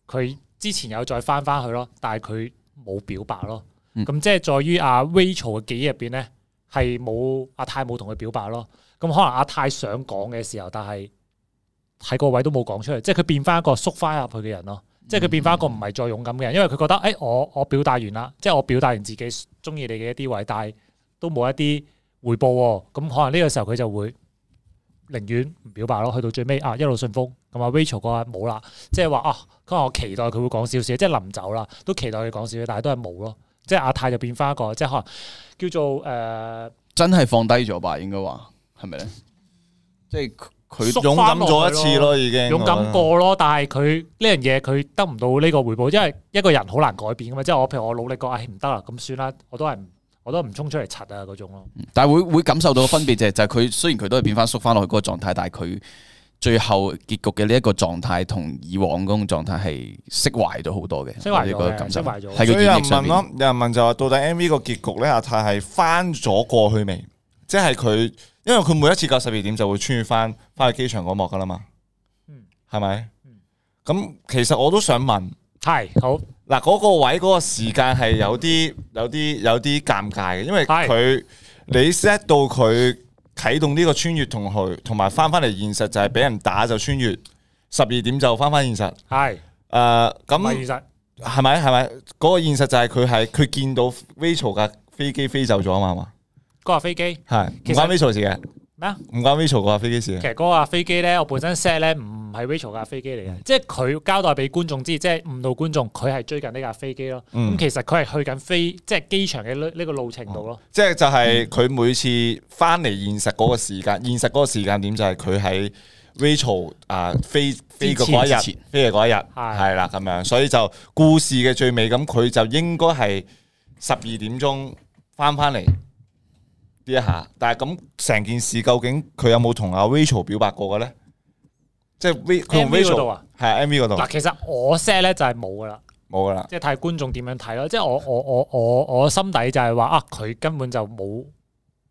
佢之前有再翻翻去咯，但係佢冇表白咯。咁、嗯、即係在於阿 Rachel 嘅記憶入邊咧，係冇阿泰冇同佢表白咯。咁可能阿泰想講嘅時候，但係。喺個位都冇講出嚟，即係佢變翻一個縮翻入去嘅人咯，嗯、即係佢變翻一個唔係再勇敢嘅人，嗯、因為佢覺得誒、欸，我我表達完啦，即係我表達完自己中意你嘅一啲位，但係都冇一啲回報，咁、嗯、可能呢個時候佢就會寧願唔表白咯。去到最尾啊，一路順風。咁、啊、阿 Rachel 講話冇啦，即係話啊，佢話我期待佢會講少少，即係臨走啦，都期待佢講少少，但係都係冇咯。即係阿泰就變翻一個，即係可能叫做誒，呃、真係放低咗吧，應該話係咪呢？即係。佢勇敢咗一次咯，已經勇敢過咯，但係佢呢樣嘢佢得唔到呢個回報，因為一個人好難改變噶嘛。即係我譬如我努力過，唉唔得啦，咁算啦，我都係我都唔衝出嚟柒啊嗰種咯，嗯。但係會會感受到分別就係就係佢雖然佢都係變翻縮翻落去嗰個狀態，但係佢最後結局嘅呢一個狀態同以往嗰個狀態係釋懷咗好多嘅。釋懷咗嘅感受喺個演繹上邊。有人問就話到底 M V 個結局咧，阿太係翻咗過去未？即係佢，因為佢每一次隔十二點就會穿越翻翻去機場嗰幕噶啦嘛，係咪？嗯。咁其實我都想問，係好嗱嗰個位嗰個時間係有啲有啲有啲尷尬嘅，因為佢是你 set 到佢啟動呢個穿越同佢同埋翻翻嚟現實就係俾人打就穿越十二點就翻翻現實，係誒咁現實係咪係咪嗰個現實就係佢係佢見到 Vio 嘅飛機飛走咗啊嘛係嘛？嗰架飛機係唔關 Rachel 事嘅咩啊？唔關 Rachel 嗰架飛機事。其實嗰架飛機咧，我本身 set 咧唔係 Rachel 架飛機嚟嘅，即係佢交代俾觀眾知，即係誤導觀眾。佢係追緊呢架飛機咯。咁其實佢係去緊飛，即係機場嘅呢個路程度咯。即係就係佢每次翻嚟現實嗰個時間，現實嗰個時間點就係佢喺 Rachel 啊飛飛嗰一日，飛嘅嗰一日係啦咁樣。所以就故事嘅最尾，咁佢就應該係十二點鐘翻翻嚟。一下，但係咁成件事究竟佢有冇同阿 Rachel 表白過嘅咧？即係佢同 Rachel 度啊，係、啊、MV 嗰度。嗱，其實我 set 咧就係冇噶啦，冇噶啦。即係睇觀眾點樣睇咯。即、就、係、是、我我我我我心底就係話啊，佢根本就冇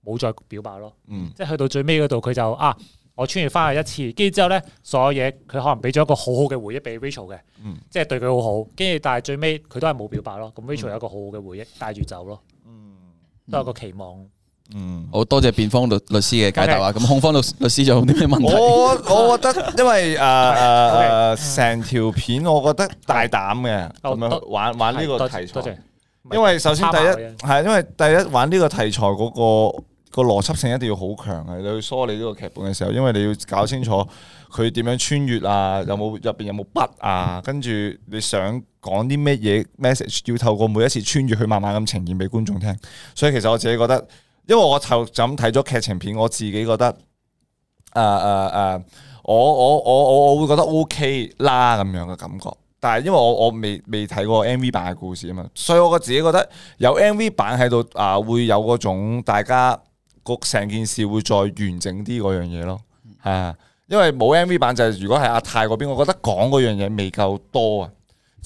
冇再表白咯。即係去到最尾嗰度，佢就啊，我穿越翻去一次，跟住之後咧，所有嘢佢可能俾咗一個好好嘅回憶俾 Rachel 嘅。即係、嗯、對佢好好，跟住但係最尾佢都係冇表白咯。咁 Rachel、嗯、有一個好好嘅回憶帶住走咯。都有個期望。嗯，好多謝辯方律律師嘅解答啊！咁然控方律 律師仲有啲咩問題？我我覺得，因為誒誒，成、呃、條 片我覺得大膽嘅，咁樣 玩玩呢個題材。多謝多謝因為首先第一係謝因為第一玩呢個題材嗰、那個 個邏輯、那個那個、性一定要好強嘅，你去梳理呢個劇本嘅時候，因為你要搞清楚佢點樣穿越啊，入面有冇入邊有冇筆啊，跟住你想講啲咩嘢 message，要透過每一次穿越去慢慢咁呈現俾觀眾聽。所以其實我自己覺得。因為我頭先睇咗劇情片，我自己覺得誒誒誒，我我我我我會覺得 O K 啦，咁樣嘅感覺。但係因為我我未未睇過 M V 版嘅故事啊嘛，所以我我自己覺得有 M V 版喺度啊，會有嗰種大家嗰成件事會再完整啲嗰樣嘢咯。係啊，因為冇 M V 版就係，如果係阿泰嗰邊，我覺得講嗰樣嘢未夠多啊。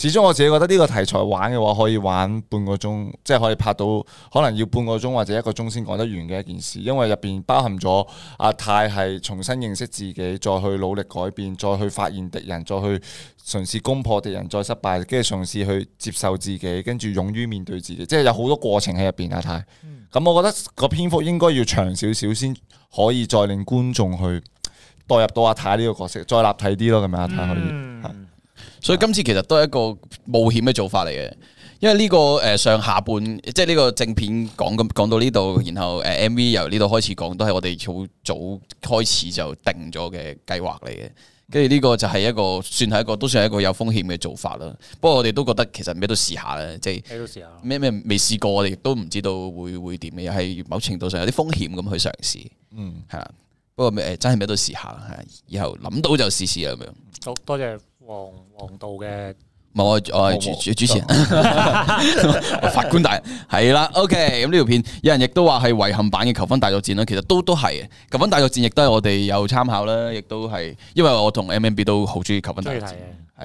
始終我自己覺得呢個題材玩嘅話，可以玩半個鐘，即係可以拍到可能要半個鐘或者一個鐘先講得完嘅一件事，因為入邊包含咗阿泰係重新認識自己，再去努力改變，再去發現敵人，再去嘗試攻破敵人，再失敗，跟住嘗試去接受自己，跟住勇於面對自己，即係有好多過程喺入邊。阿泰，咁、嗯嗯、我覺得個篇幅應該要長少少先可以再令觀眾去代入到阿泰呢個角色，再立體啲咯，咁樣阿泰可以。嗯所以今次其實都係一個冒險嘅做法嚟嘅，因為呢個誒上下半即係呢個正片講咁講到呢度，然後誒 MV 由呢度開始講，都係我哋好早開始就定咗嘅計劃嚟嘅。跟住呢個就係一個算係一個都算係一個有風險嘅做法啦。不過我哋都覺得其實咩都試下啦，即係咩咩未試過，我哋都唔知道會會點嘅，又係某程度上有啲風險咁去嘗試。嗯，係啦。不過真係咩都試下啦，以後諗到就試試啊咁樣。好多謝。黃黃道嘅，我我係主主持人，法官大人係啦，OK，咁呢條片，有人亦都話係遺憾版嘅求婚大作戰啦，其實都都係啊，求婚大作戰亦都係我哋有參考啦，亦都係，因為我同 MMB 都好中意求婚大作戰，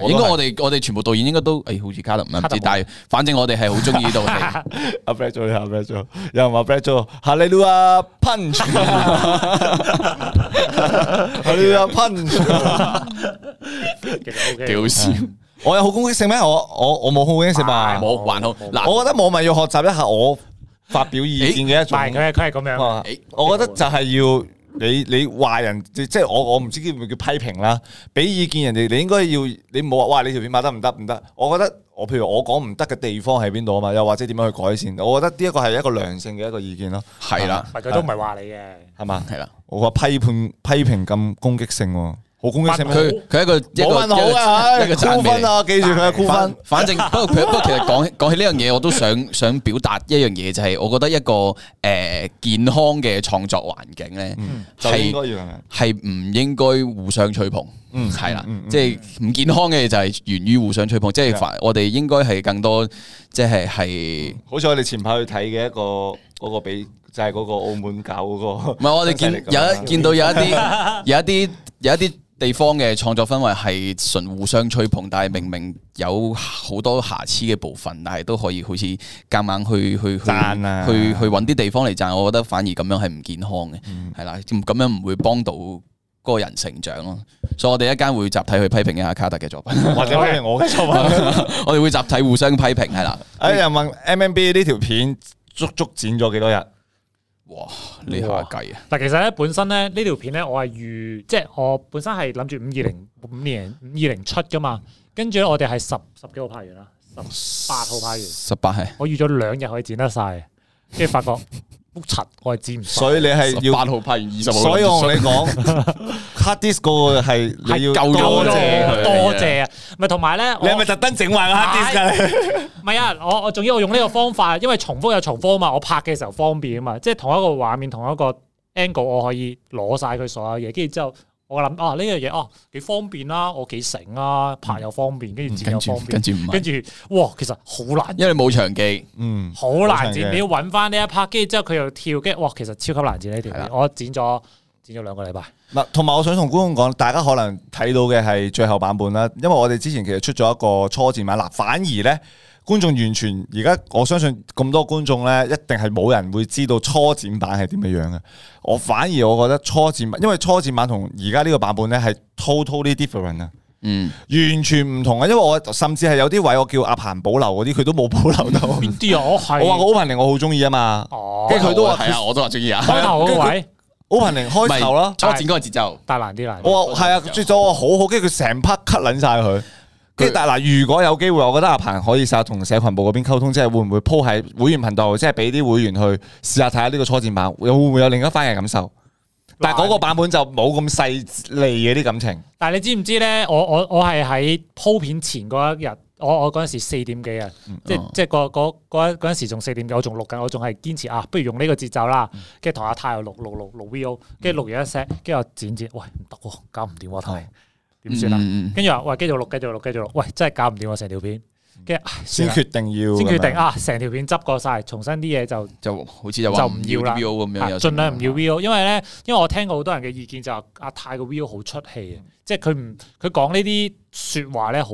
應該我哋我哋全部導演應該都，誒、哎，好似卡特唔知，但係反正我哋係好中意到，阿 Black 做，阿 Black 有人話 Black 做，哈里路啊，Punch，啊，Punch。其實 O K，屌絲， 我有好攻擊性咩？我我我冇好攻擊性嘛？我沒沒還好，嗱沒，啦我覺得我咪要學習一下我發表意見嘅一種，佢係咁樣。欸、我覺得就係要你你話人，即、就、係、是、我我唔知叫唔叫批評啦，俾意見人哋，你應該要你冇話話你條片拍得唔得唔得。我覺得我譬如我講唔得嘅地方喺邊度啊嘛，又或者點樣去改善？我覺得呢一個係一個良性嘅一個意見咯，係啦，佢都唔係話你嘅，係嘛，係啦，啦我話批判批評咁攻擊性、啊。佢佢一個一個、啊、一個讚分啊，記住佢嘅酷分。是 反正不過佢不過其實講講起呢樣嘢，我都想想表達一樣嘢，就係、是、我覺得一個誒、呃、健康嘅創作環境咧，係係唔應該互相吹捧。嗯，係啦，即係唔健康嘅就係源於互相吹捧，即係我哋應該係更多，即係係。好似我哋前排去睇嘅一個嗰、嗰個比就係、是、嗰個澳門搞嗰個接。唔係我哋見有一見到有一啲有一啲有一啲地方嘅創作氛圍係純互相吹捧，但係明明有好多瑕疵嘅部分，但係都可以好似夾硬，硬去去去去了去揾啲地方嚟賺，我覺得反而咁樣係唔健康嘅，係啦，咁樣唔會幫到。個人成長咯，所以我哋一間會集體去批評一下卡特嘅作品，或者批評我嘅作品。 我哋會集體互相批評，係啦。有、哎、人問 M M B 呢條片足足剪咗幾多日？哇，你話計啊！但其實咧本身咧呢條片咧我係預，即、就、係、是、我本身係諗住五二零五年五二零出噶嘛，跟住咧我哋係十十幾號拍完啦，十八號拍完，十八係。是我預咗兩日可以剪得晒，跟住發覺。 複習我係接，所以你係要八號拍完二十號，所以我同你講，hard disk 個係係救咗咯，多謝啊！咪同埋咧，你係咪特登整壞個 hard disk 噶？唔係、哎、 啊，我我仲要我用呢個方法，因為重複又重複啊嘛，我拍嘅時候方便啊嘛，即係同一個畫面，同一個 angle，我可以攞晒佢所有嘢，跟住之後。我諗啊呢樣嘢哦，幾、這個啊、方便啦，我幾醒啊，拍又方便，跟住剪又方便，跟住哇其實好難，因為冇長機，嗯，好難剪，你要揾翻呢一 part，跟住之後佢又跳，跟住哇其實超級難剪呢條片，我剪咗剪咗兩個禮拜。嗱、嗯，同埋我想同觀眾講，大家可能睇到嘅係最後版本啦，因為我哋之前其實出咗一個初剪版，嗱、呃、反而咧。觀眾完全而家，我相信咁多觀眾咧，一定係冇人會知道初剪版係點嘅樣嘅。我反而我覺得初剪版，因為初剪版同而家呢個版本咧係 totally different 啊，嗯，完全唔同啊。因為我甚至係有啲位我叫阿鵬保留嗰啲，佢都冇保留到邊啲啊。我係我話個 opening 我好中意啊嘛，跟住佢都話係啊，我都話中意啊。開頭位 opening 開頭咯，但初剪嗰個節奏大難啲難得。我話係啊，最咗我好好，跟住佢成 part cut 捻晒佢。跟住但係嗱，如果有機會，我覺得阿彭可以試下同社群部嗰邊溝通，即係會唔會鋪喺會員頻道，即係俾啲會員去試下睇下呢個初剪版，有會唔會有，有另一番嘅感受？但係嗰個版本就冇咁細膩嘅啲感情。但係你知唔知咧？我我我係喺鋪片前嗰一日，我我嗰陣時四點幾啊，即即係嗰嗰陣時仲四點幾，我仲錄緊，我仲係堅持啊，不如用呢個節奏啦。跟住同阿太又錄錄錄錄 video 跟住錄完一 set，跟住又剪剪，喂唔得喎，呃、cap, 搞唔掂喎，太～ride, 點算啊？跟住話喂，繼續錄，繼續錄，繼續錄。喂，真係搞唔掂啊！成條片。跟住先決定要先決定啊，成條片執過晒，重新啲嘢就就好似就話就唔要啦，咁樣盡量唔要 v 因為咧，因為我聽過好多人嘅意見就係阿泰個 view 好出氣啊，嗯、即係佢唔佢講說呢啲説話咧好。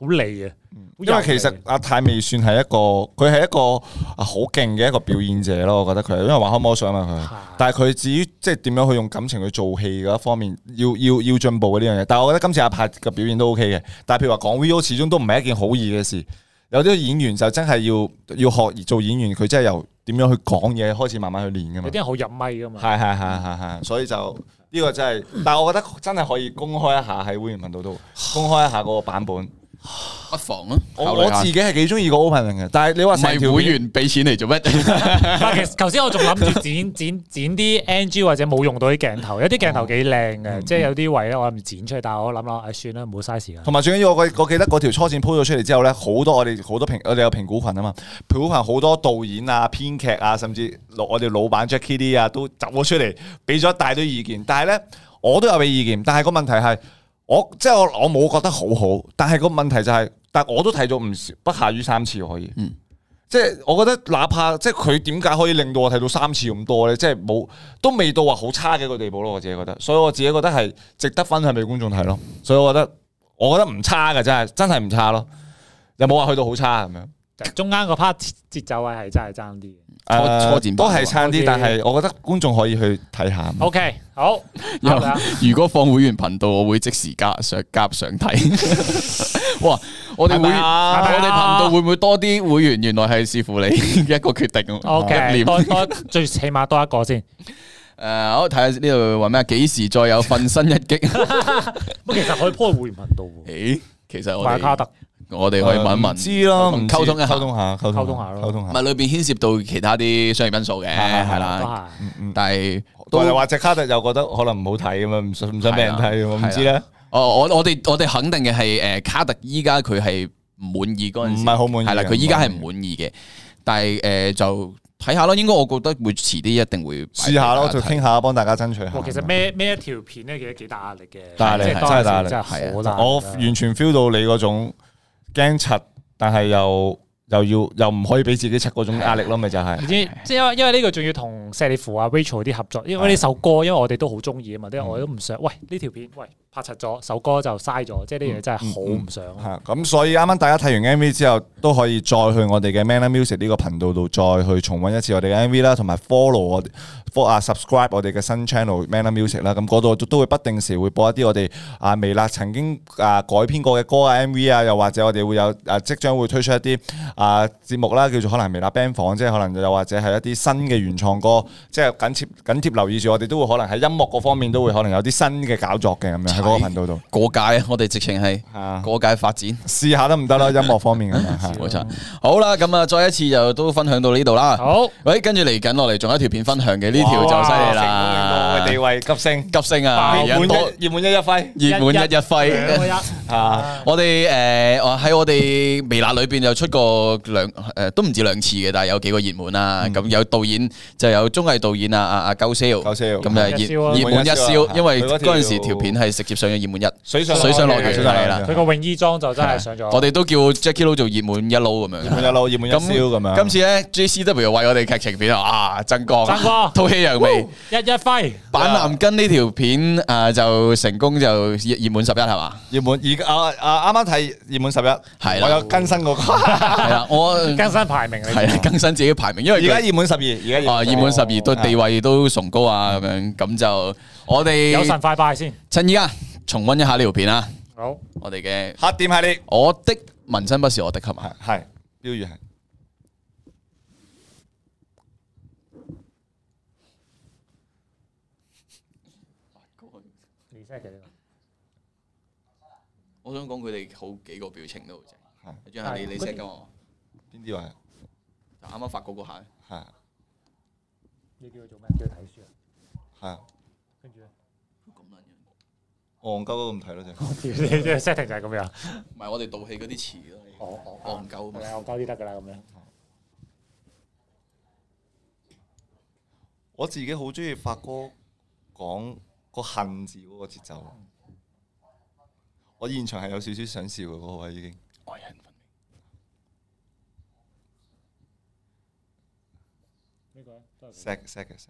好利啊！因為其實阿太未算係一個，佢係一個好勁嘅一個表演者咯。我覺得佢，因為玩開魔術啊嘛，佢。係。但係佢至於即係點樣去用感情去做戲嘅一方面，要要要進步嘅呢樣嘢。但係我覺得今次阿柏嘅表現都 OK 嘅。但係譬如話講 V.O.，始終都唔係一件好易嘅事。有啲演員就真係要要學做演員，佢真係由點樣去講嘢開始慢慢去練噶嘛。有啲人好入咪噶嘛。係係係係係，所以就呢、這個真係。但係我覺得真係可以公開一下喺會員頻道度公開一下嗰個版本。.不妨啊，啊，我自己係幾中意個 open 嘅，但係你話係會員俾錢嚟做咩？ 其實頭先我仲諗住剪剪剪啲 NG 或者冇用到啲鏡頭，有啲鏡頭幾靚嘅，哦、即係有啲位咧，我諗住剪出嚟，但係我諗諗，唉、哎，算啦，唔好嘥時間。同埋最緊要，我我記得嗰條初剪鋪咗出嚟之後咧，好多我哋好多評我哋有評估群啊嘛，評估群好多導演啊、編劇啊，甚至我哋老闆 Jackie Lee 啊，都走咗出嚟，俾咗一大堆意見。但係咧，我都有俾意見，但係個問題係。我即係我我冇覺得好好，但係個問題就係、是，但係我都睇咗唔少，不下於三次可以。嗯，即係我覺得哪怕即係佢點解可以令到我睇到三次咁多咧，即係冇都未到話好差嘅一個地步咯。我自己覺得，所以我自己覺得係值得分享俾觀眾睇咯。所以我覺得，我覺得唔差嘅真係真係唔差咯，有冇話去到好差咁樣。嗯、 中間個 part 節奏位係真係爭啲。錯都係差啲，但係我覺得觀眾可以去睇下。O K，好。如果放會員頻道，我會即時加上加入睇。哇！我哋會我哋頻道會唔會多啲會員？原來係視乎你一個決定。O K，最起碼多一個先。誒，好睇下呢度話咩？幾時再有瞓身一擊？不過其實可以鋪會員頻道。誒，其實我我哋可以問一問，唔知咯，唔溝通嘅溝通下，溝通下咯，溝通下。唔係裏邊牽涉到其他啲商業因素嘅，係啦。但係都話隻卡特又覺得可能唔好睇咁樣，唔唔想俾人睇我唔知咧。哦，我我哋我哋肯定嘅係誒，卡特依家佢係唔滿意，嗰陣時唔係好滿意，係啦，佢依家係唔滿意嘅。但係誒就睇下咯，應該我覺得會遲啲一定會試下咯，就聽下幫大家爭取下。其實咩咩一條片咧，其實幾大壓力嘅，大壓力真係大壓力。我完全 feel 到你嗰種。驚柒，但係又。又要又唔可以俾自己出嗰種壓力咯，咪就係。即係，因為因為呢個仲要同謝利夫啊、Rachel 嗰啲合作，因為呢首歌，因為我哋都好中意啊嘛，因為我都唔想。喂，呢條片，喂，拍柒咗，首歌就嘥咗，即係呢樣嘢真係好唔想。嚇，咁所以啱啱大家睇完 MV 之後，都可以再去我哋嘅 Manner Music 呢個頻道度再去重溫一次我哋嘅 MV 啦，同埋 follow 我 follow 啊 subscribe 我哋嘅新 channel Manner Music 啦。咁嗰度都都會不定時會播一啲我哋啊微辣曾經啊改編過嘅歌啊 MV 啊，又或者我哋會有啊即將會推出一啲。啊節目啦，叫做可能微辣 band 房，即係可能又或者係一啲新嘅原創歌，即係緊貼緊貼留意住，我哋都會可能喺音樂嗰方面都會可能有啲新嘅搞作嘅咁樣喺嗰個頻道度過界，我哋直情係過界發展，試下得唔得啦？音樂方面咁樣冇錯，好啦，咁啊，再一次就都分享到呢度啦。好，喂，跟住嚟緊落嚟仲有一條片分享嘅，呢條就犀利啦！地位急升，急升啊！熱門一熱門一日費，熱門一日費嚇！我哋我喺我哋微辣裏邊又出過。個兩誒都唔止兩次嘅，但係有幾個熱門啊！咁有導演就有綜藝導演啊啊阿高 sell，咁啊熱熱門一燒，因為嗰陣時條片係直接上咗熱門一水上水上樂園算係啦，佢個泳衣裝就真係上咗。我哋都叫 Jackie Lau 做熱門一撈咁樣，熱門一撈，熱門一燒咁樣。今次咧，JCW 為我哋劇情片啊，啊，增光，增光，吐氣揚眉，日日飛。板藍根呢條片啊，就成功就熱熱門十一係嘛？熱門而啊啊啱啱睇熱門十一，係我有更新嗰個。我更新排名，係啊，更新自己排名，因為而家熱門十二，而家熱門十二都地位都崇高啊，咁樣咁就我哋有神快拜先，趁而家重温一下呢條片啊。好，我哋嘅黑點係你，我的紋身不是我的，係嘛？係，標語係。我想講佢哋好幾個表情都好正，你你識噶嘛？呢啲位，就啱啱發過個鞋，係。你叫佢做咩？叫佢睇書啊。係啊。跟住咧？咁難嘅。戇鳩都唔睇咯，就係。即係 setting 就係咁樣。唔係我哋導戲嗰啲詞咯。戇戇鳩。係啊，戇鳩啲得㗎啦，咁樣。我自己好中意發哥講個恨字嗰個節奏。我現場係有少少想笑嘅嗰個位已經。愛人。set set 嘅 set，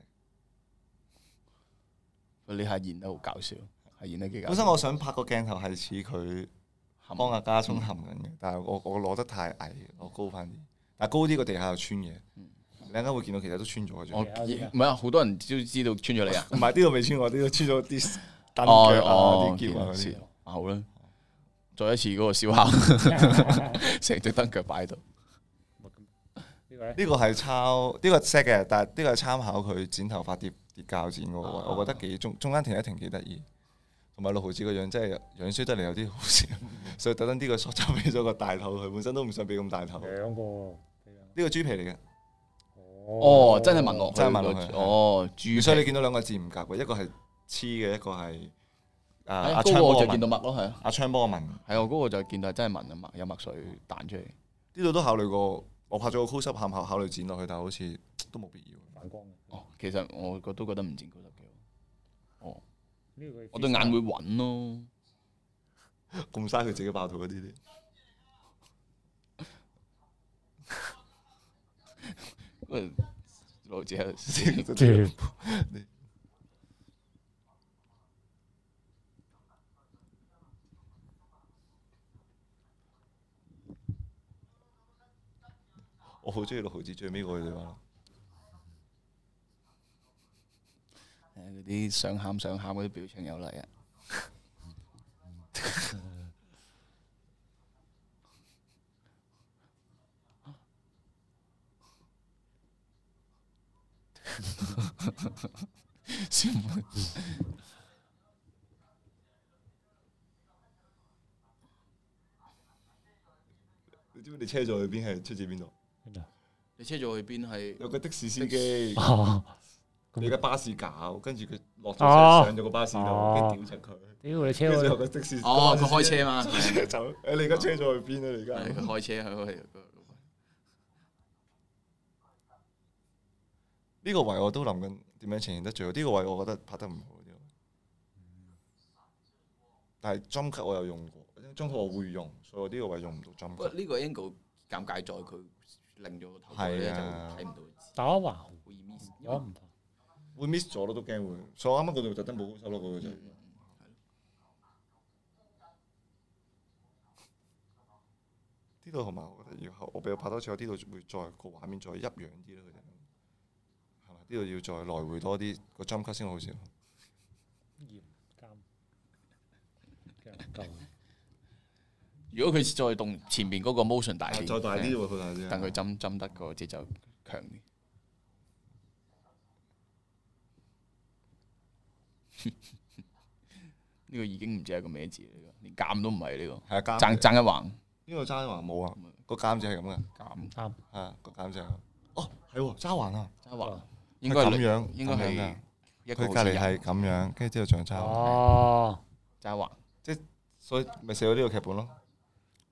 佢係演得好搞笑，係演得幾搞笑。本身我想拍個鏡頭係似佢幫阿家鬆含緊嘅，但係我我攞得太矮，我高返啲，但係高啲個地下又穿嘢，你陣間會見到其實都穿咗。我唔係啊，好多人都知道穿咗你啊。唔係呢個未穿過，我呢個穿咗啲凳腳啊，啲腳啊嗰啲。好啦，再一次嗰個笑口，成對凳腳擺喺度。呢個係抄呢個 set 嘅，但係呢個參考佢剪頭髮跌跌鉸剪嘅，我覺得幾中中間停一停幾得意，同埋六毫子個樣真係樣衰得嚟有啲好笑，所以特登呢個縮就俾咗個大頭，佢本身都唔想俾咁大頭。兩個呢個豬皮嚟嘅，哦，真係紋落，真係紋落去，哦，所以你見到兩個字唔夾嘅，一個係黐嘅，一個係阿昌我我問到墨咯，係阿昌幫我紋，係我嗰個就見到真係紋啊嘛，有墨水彈出嚟，呢度都考慮過。我拍咗個 c l o s e u，喊下考慮剪落去，但係好似都冇必要。反光哦，其實我個都覺得唔剪高 l 嘅 s 哦，我對眼會暈咯，咁嘥佢自己爆圖嗰啲啲。 我好中意六毫子最尾嗰句嘢啊！嗰啲想喊想喊嗰啲表情有嚟啊！你知唔知你車咗去邊？係出自邊度？你車咗去邊？係有個的士司機，你而家巴士搞，跟住佢落咗車上咗個巴士度，跟住屌住佢。你車咗個的士哦，佢開車嘛？走，你而家車咗去邊啊？而家開車，佢係呢個位我都諗緊點樣呈現得最好。呢個位我覺得拍得唔好啲。但係中級我有用過，中級我會用，所以我呢個位用唔到中級。呢個 Angle 尷尬在佢。擰咗個頭，咧、啊、就打橫會 miss，我唔說同。會 miss 咗咯，都驚會。所以啱啱嗰度就真冇高手咯，嗰個就、那個。呢度好嘛？我覺得以後我俾我拍多次，我呢度會再個畫面再一樣啲咯，佢就係呢度要再來回多啲，嗯、個 jump cut 先好笑。嚴、嗯、監。如果佢再動前面嗰個 motion 大，再大啲喎，好大啲。等佢掙掙得個節奏強啲。呢個已經唔知係個咩字嚟㗎，連減都唔係呢個。係啊，減。掙一橫。呢、啊、個掙一橫冇啊，個減字係咁嘅。減減鑑啊，個減字哦，係喎、啊，揸、啊、橫啊，揸橫啊。應該係咁樣，應該係㗎。佢隔離係咁樣，跟住之後就揸、啊啊啊、橫。哦，揸橫，即係所以咪寫咗呢個劇本咯。啊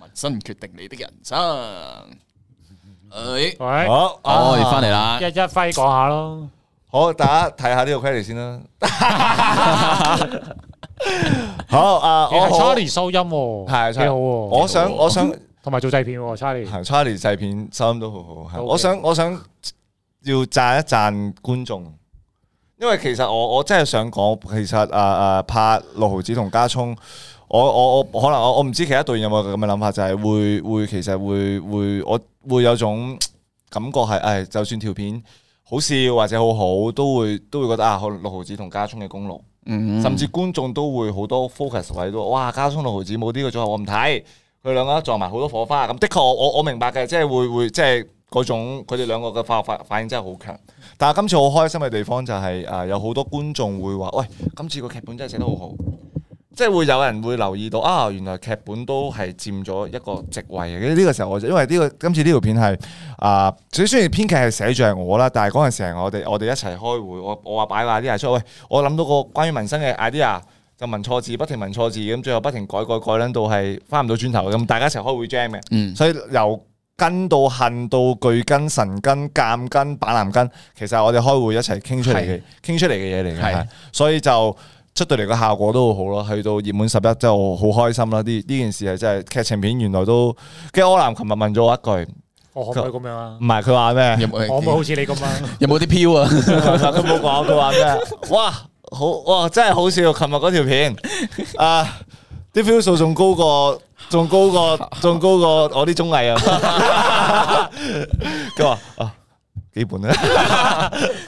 民生決定你的人生。誒、哎，喂，好，我哋翻嚟啦。一一輝講下咯。好，大家睇下呢個 credit 先啦。 好，阿 Charlie 收音、哦，係幾好。我想，我想同埋做製片 Charlie 製片收音都好好。嗯、我想，我想要讚一讚觀眾，因為其實我我真係想講，其實阿阿柏六毫子同家聰。我我我可能我我唔知其他隊員有冇咁嘅諗法，就係、是、會會其實會會我會有種感覺係，誒，就算條片好笑或者好好，都會都會覺得啊，六毫子同加聰嘅功勞，嗯嗯甚至觀眾都會好多 focus 位，哇，加聰六毫子冇呢個組合我唔睇，佢兩個撞埋好多火花，咁的確我我，我明白嘅，即係會會即係嗰種佢哋兩個嘅化學反應真係好強。但係今次我開心嘅地方就係、是、誒、啊、有好多觀眾會話，喂，今次個劇本真係寫得好好。即係會有人會留意到啊、哦，原來劇本都係佔咗一個席位嘅。呢、這個、呃、時候我就因為呢個今次呢條片係啊，雖然編劇係寫住係我啦，但係嗰陣時我哋我哋一齊開會，我我話擺埋啲 idea 出，喂，我諗到個關於民生嘅 idea，就問錯字，不停問錯字，咁最後不停改改改，諗到係翻唔到轉頭咁，大家一齊開會 jam 嘅。嗯、所以由根到恨到巨根、神根、鑑根、板藍根，其實我哋開會一齊傾出嚟嘅，傾是出嚟嘅嘢嚟嘅。所以就。出到嚟嘅效果都好好咯，去到熱門十一就好開心啦！啲呢件事係真係劇情片，原來都。跟柯南琴日問咗我一句，我可唔可以咁樣啊？唔係佢話咩？我冇好似你咁啊！有冇啲票啊？佢冇講，佢話咩？哇，好哇，真係好笑！琴日嗰條片啊，啲票數仲高過，仲高過，仲高過我啲綜藝啊！佢話啊。基本啦，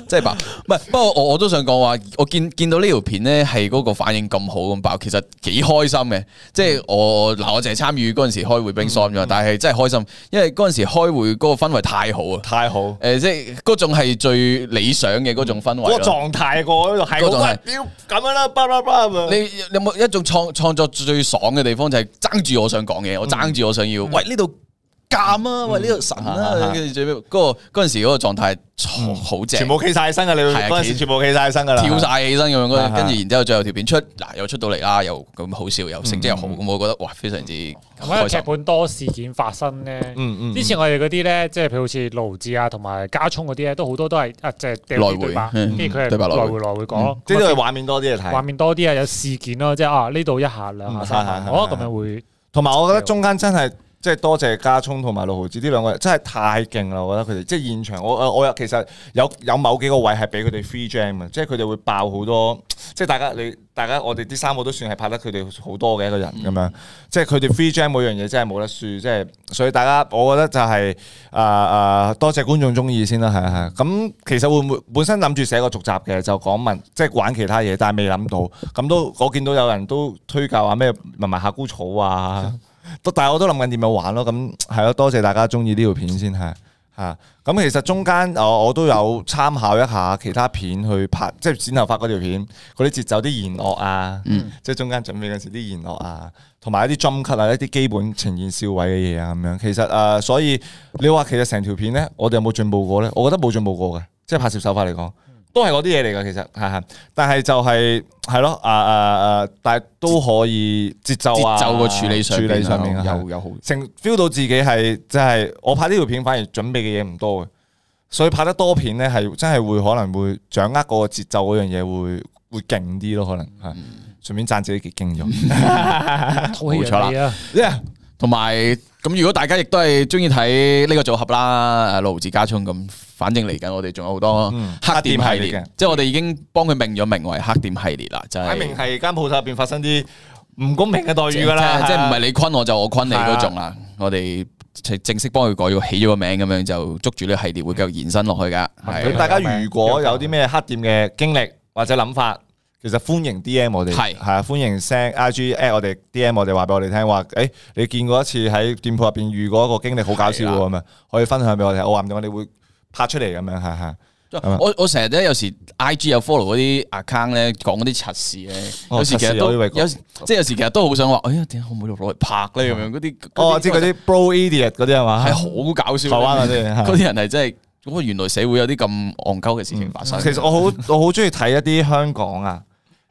即 係、啊、 爆！唔係，不過我我都想講話我見見到呢條片咧，係嗰個反應咁好咁爆，其實幾開心嘅。即係、嗯、我嗱，我淨係 參與嗰陣時開會冰霜咗，嗯、但係真係開心，因為嗰陣時開會嗰個氛圍太好啊，太好。誒、呃，即係嗰種係最理想嘅嗰種氛圍狀態，嗯嗯、個係好屌咁樣啦，叭叭叭咁。你有冇一種創創作最爽嘅地方就係爭住我想講嘢，我爭住我想要，嗯、喂呢度。監啊！喂，呢度神啊！跟住最尾嗰個嗰陣時嗰個狀態好正，全部企晒身噶你，嗰陣時全部企晒身噶啦，跳晒起身咁樣，跟住然之後最後條片出，嗱又出到嚟啦，又咁好笑，又成績又好，咁我覺得哇，非常之。咁啊，劇本多事件發生咧，之前我哋嗰啲咧，即係譬如好似盧智啊，同埋家聰嗰啲咧，都好多都係啊，即係來回，跟住佢係對白來回來回講，即係畫面多啲嘅睇，畫面多啲啊，有事件咯，即係啊呢度一下兩下三下，我覺得咁樣會，同埋我覺得中間真係。即係多謝家聰同埋六毫子呢兩個人，真係太勁啦！我覺得佢哋即係現場，我我又其實有有某幾個位係俾佢哋 free jam 啊！即係佢哋會爆好多，即係大家你大家我哋啲三個都算係拍得佢哋好多嘅一個人咁樣。嗯、即係佢哋 free jam 每樣嘢真係冇得輸，即係所以大家我覺得就係啊啊多謝觀眾中意先啦，係啊係。咁其實會唔會本身諗住寫個續集嘅，就講文即係玩其他嘢，但係未諗到，咁都我見到有人都推介話咩文埋夏枯草啊。但係我都諗緊點樣玩咯，咁係咯，多謝大家中意呢條片先係，吓，咁其實中間我我都有參考一下其他片去拍，即係剪頭髮嗰條片，嗰啲節奏、啲弦樂啊，嗯，即係中間準備嗰時啲弦樂啊，同埋一啲 jump cut 啊，一啲基本呈現笑位嘅嘢啊咁樣。其實誒，所以你話其實成條片咧，我哋有冇進步過咧？我覺得冇進步過嘅，即係拍攝手法嚟講。都係嗰啲嘢嚟㗎，其實係係，但係就係、是、係咯，啊啊啊，但係都可以節奏節、啊、奏個處理處理上面、嗯嗯嗯、有有好成 feel 到自己係即係我拍呢條片反而準備嘅嘢唔多嘅，所以拍得多片咧係真係會可能會掌握個節奏嗰樣嘢會會勁啲咯，可能係，順便讚自己幾勁咗，冇錯啦。同埋咁，如果大家亦都係中意睇呢個組合啦，勞智加聰咁，反正嚟緊我哋仲有好多黑店系列，嗯、黑店系列，即係我哋已經幫佢命咗名為黑店系列啦，就係明係間鋪頭入邊發生啲唔公平嘅待遇噶啦，即係唔係你坤我就我坤你嗰種啦。的我哋正式幫佢改咗起咗個名咁樣，就捉住呢個系列會繼續延伸落去噶。咁大家如果有啲咩黑店嘅經歷或者諗法？其實歡迎 D M 我哋係係啊，歡迎 send I G at 我哋 D M 我哋話俾我哋聽話，誒，你見過一次喺店鋪入邊，遇過一個經歷好搞笑咁樣，可以分享俾我哋。我話唔定我哋會拍出嚟咁樣吓吓。我我成日咧有時 I G 有 follow 嗰啲 account 咧，講嗰啲測試咧，有時其實都有，即係有時其實都好想話，哎呀，點解我唔會落落嚟拍咧？咁樣嗰啲哦，即係嗰啲 bro idiot 嗰啲係嘛，係好搞笑，嗰啲，人係真係，咁啊，原來社會有啲咁戇鳩嘅事情發生。其實我好我好中意睇一啲香港啊。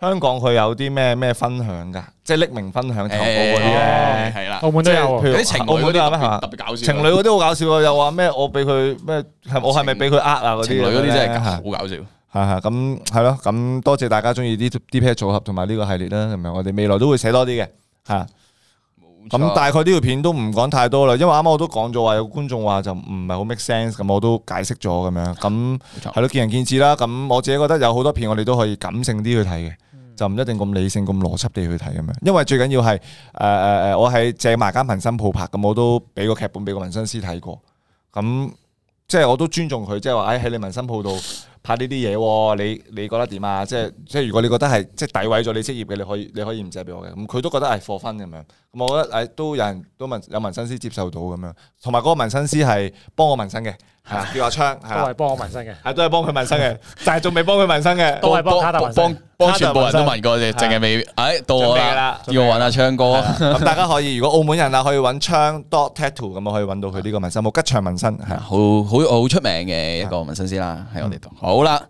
香港佢有啲咩咩分享噶？即係匿名分享、投稿嗰啲係啦，澳門都有。譬如情澳門有咩特別搞笑？情侶嗰啲好搞笑又有話咩？我俾佢咩？我係咪俾佢呃啊？嗰啲嗰啲真係好搞笑。吓吓咁係咯，咁多謝大家中意啲啲 pair 組合同埋呢個系列啦，同埋我哋未來都會寫多啲嘅吓。咁大概呢條片都唔講太多啦，因為啱啱我都講咗話，有個觀眾話就唔係好 make sense，咁我都解釋咗咁樣。咁係咯，見仁見智啦。咁我自己覺得有好多片我哋都可以感性啲去睇嘅。就唔一定咁理性、咁邏輯地去睇咁樣，因為最緊要係誒誒誒，我喺借埋間紋身鋪拍，咁我都俾個劇本俾個紋身師睇過，咁即係我都尊重佢，即係話喺你紋身鋪度。 拍呢啲嘢，你你覺得點啊？即係即係如果你覺得係即係詆毀咗你職業嘅，你可以你可以唔借俾我嘅。咁佢都覺得係貨分咁樣。咁我覺得誒都有人都問有紋身師接受到咁樣，同埋嗰個紋身師係幫我紋身嘅，係叫阿昌，都係幫我紋身嘅，係都係幫佢紋身嘅，但係仲未幫佢紋身嘅，幫幫幫全部人都紋過啫，淨係未誒到我啦，要我揾阿昌哥。咁大家可以如果澳門人啊可以揾昌 Doctor Tattoo 咁啊可以揾到佢呢個紋身，冇吉祥紋身係好好好出名嘅一個紋身師啦，喺我哋度。好啦，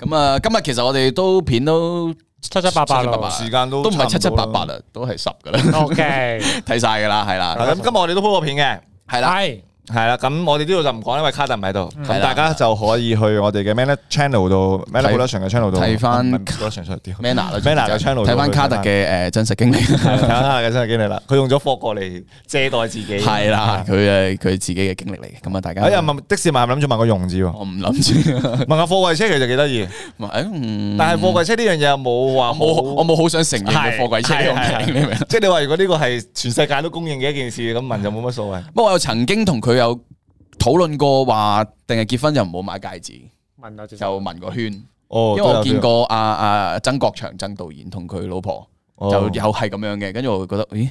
咁、嗯、啊，今日其實我哋都片都七七八八啦，時間都都唔係七七八八啦，都係十噶啦，OK，睇晒噶啦，係啦，咁、嗯、今日我哋都鋪個片嘅，係啦，係。係啦，咁我哋呢度就唔講，因為卡特唔喺度，咁大家就可以去我哋嘅 Manner Channel 度 Manner Production 嘅 channel 度睇翻 Manner，Manner 嘅 channel 睇翻卡特嘅誒真實經歷，睇下卡特嘅真實經歷啦。佢用咗貨過嚟借代自己，係啦，佢係佢自己嘅經歷嚟嘅，咁啊大家。哎呀問的士埋諗住問個用字喎，我唔諗住問下貨櫃車其實幾得意，但係貨櫃車呢樣嘢又冇話好，我冇好想承認貨櫃車即係你話如果呢個係全世界都公認嘅一件事，咁問就冇乜所謂。不過我曾經同佢。有討論過話，定係結婚又唔好買戒指，就問個圈，因為我見過阿阿曾國祥、曾導演同佢老婆，就又係咁樣嘅，跟住我會覺得，咦，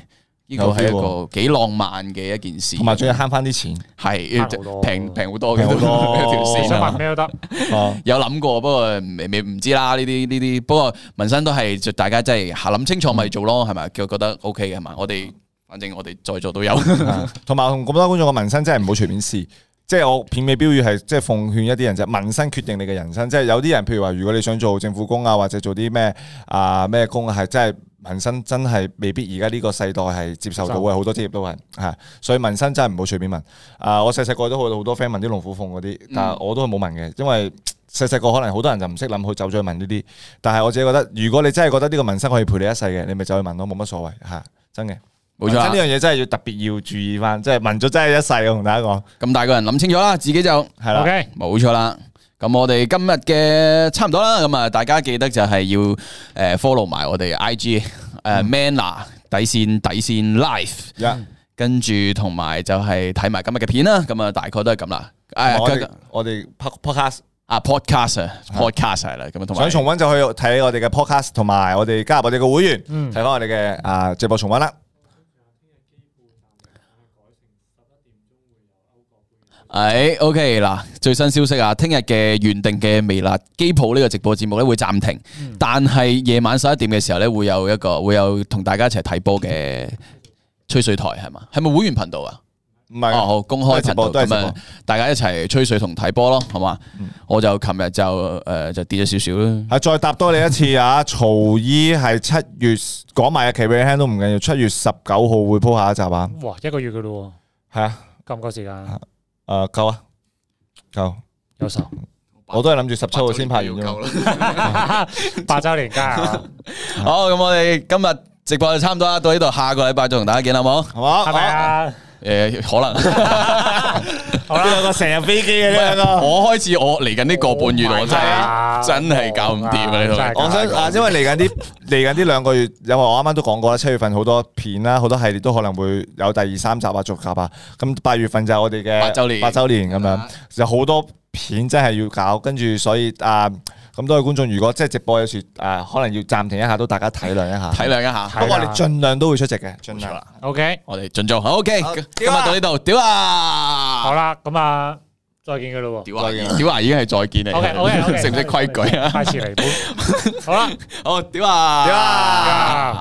呢個係一個幾浪漫嘅一件事，同埋仲要慳翻啲錢，係平平好多嘅。條線想問咩都得，有諗過，不過未未唔知啦。呢啲呢啲，不過紋身都係，大家真係諗清楚咪做咯，係咪？叫佢覺得 OK 嘅係咪？我哋。反正我哋在座都有，同埋同咁多觀眾嘅，紋身真係唔好隨便試。即係我片尾標語係即係奉勸一啲人就係紋身決定你嘅人生。即係有啲人譬如話，如果你想做政府工啊，或者做啲咩啊咩工，係真係紋身真係未必而家呢個世代係接受到嘅，好、嗯、多職業都係吓。所以紋身真係唔好隨便紋。啊，我細細個都好好多 friend 問啲龍虎鳳嗰啲，但係我都係冇問嘅，因為細細個可能好多人就唔識諗去就去問呢啲。但係我自己覺得，如果你真係覺得呢個紋身可以陪你一世嘅，你咪走去問咯，冇乜所謂吓，真嘅。冇錯，呢樣嘢真係要特別要注意翻，即係紋身真係一世嘅。同大家講，咁大個人諗清楚啦，自己就係啦。冇錯啦。咁我哋今日嘅差唔多啦。咁啊，大家記得就係要誒 follow 埋我哋 I G 誒 Manner 底線底線 Life，跟住同埋就係睇埋今日嘅片啦。咁啊，大概都係咁啦。誒，我哋 podcast 啊 podcast podcast 係啦。咁啊，想重温就去睇我哋嘅 podcast，同埋我哋加入我哋嘅會員，睇翻我哋嘅啊直播重溫啦。係、欸、OK 嗱，最新消息啊，聽日嘅原定嘅微辣機鋪呢個直播節目咧會暫停，嗯、但係夜晚十一點嘅時候咧會有一個會有同大家一齊睇波嘅吹水台係嘛？係咪會員頻道啊？唔係啊，好公開頻道咁啊，都大家一齊吹水同睇波咯，係嘛？嗯、我就琴日就誒、呃、就跌咗少少啦。啊，再答多你一次啊，曹姨係七月講埋日期俾你聽都唔緊要，七月十九號會鋪下一集啊。哇，一個月噶咯，係啊嗎，咁多時間。嗎誒，夠啊，夠有手仇，我都係諗住十七號先拍完啫嘛，八周年噶，好，咁我哋今日直播就差唔多啦，到呢度，下個禮拜再同大家見，好冇？好拜拜。吧誒，可能 好啦，有個成日飛機嘅呢個、啊是，我開始我嚟緊呢個半月，oh、my God, 我真真係搞唔掂啊！呢度，我想啊，因為嚟緊呢嚟緊啲兩個月，因為我啱啱都講過啦，七月份好多片啦，好多系列都可能會有第二三集啊、續集啊，咁八月份就係我哋嘅 八周年，八周年咁樣，有好多片真係要搞，跟住所以啊。咁多位觀眾，如果即係直播有時誒，可能要暫停一下，都大家體諒一下，呃、體諒一下。咁我哋盡量都會出席嘅，盡量。OK，我哋盡做好。OK，今日到呢度，屌啊的！好啦，咁啊，再見噶啦，屌啊，屌啊，已經係再見嚟。OK，OK，OK，識唔識規矩啊？下次嚟， 好啦的，哦，屌啊，屌啊！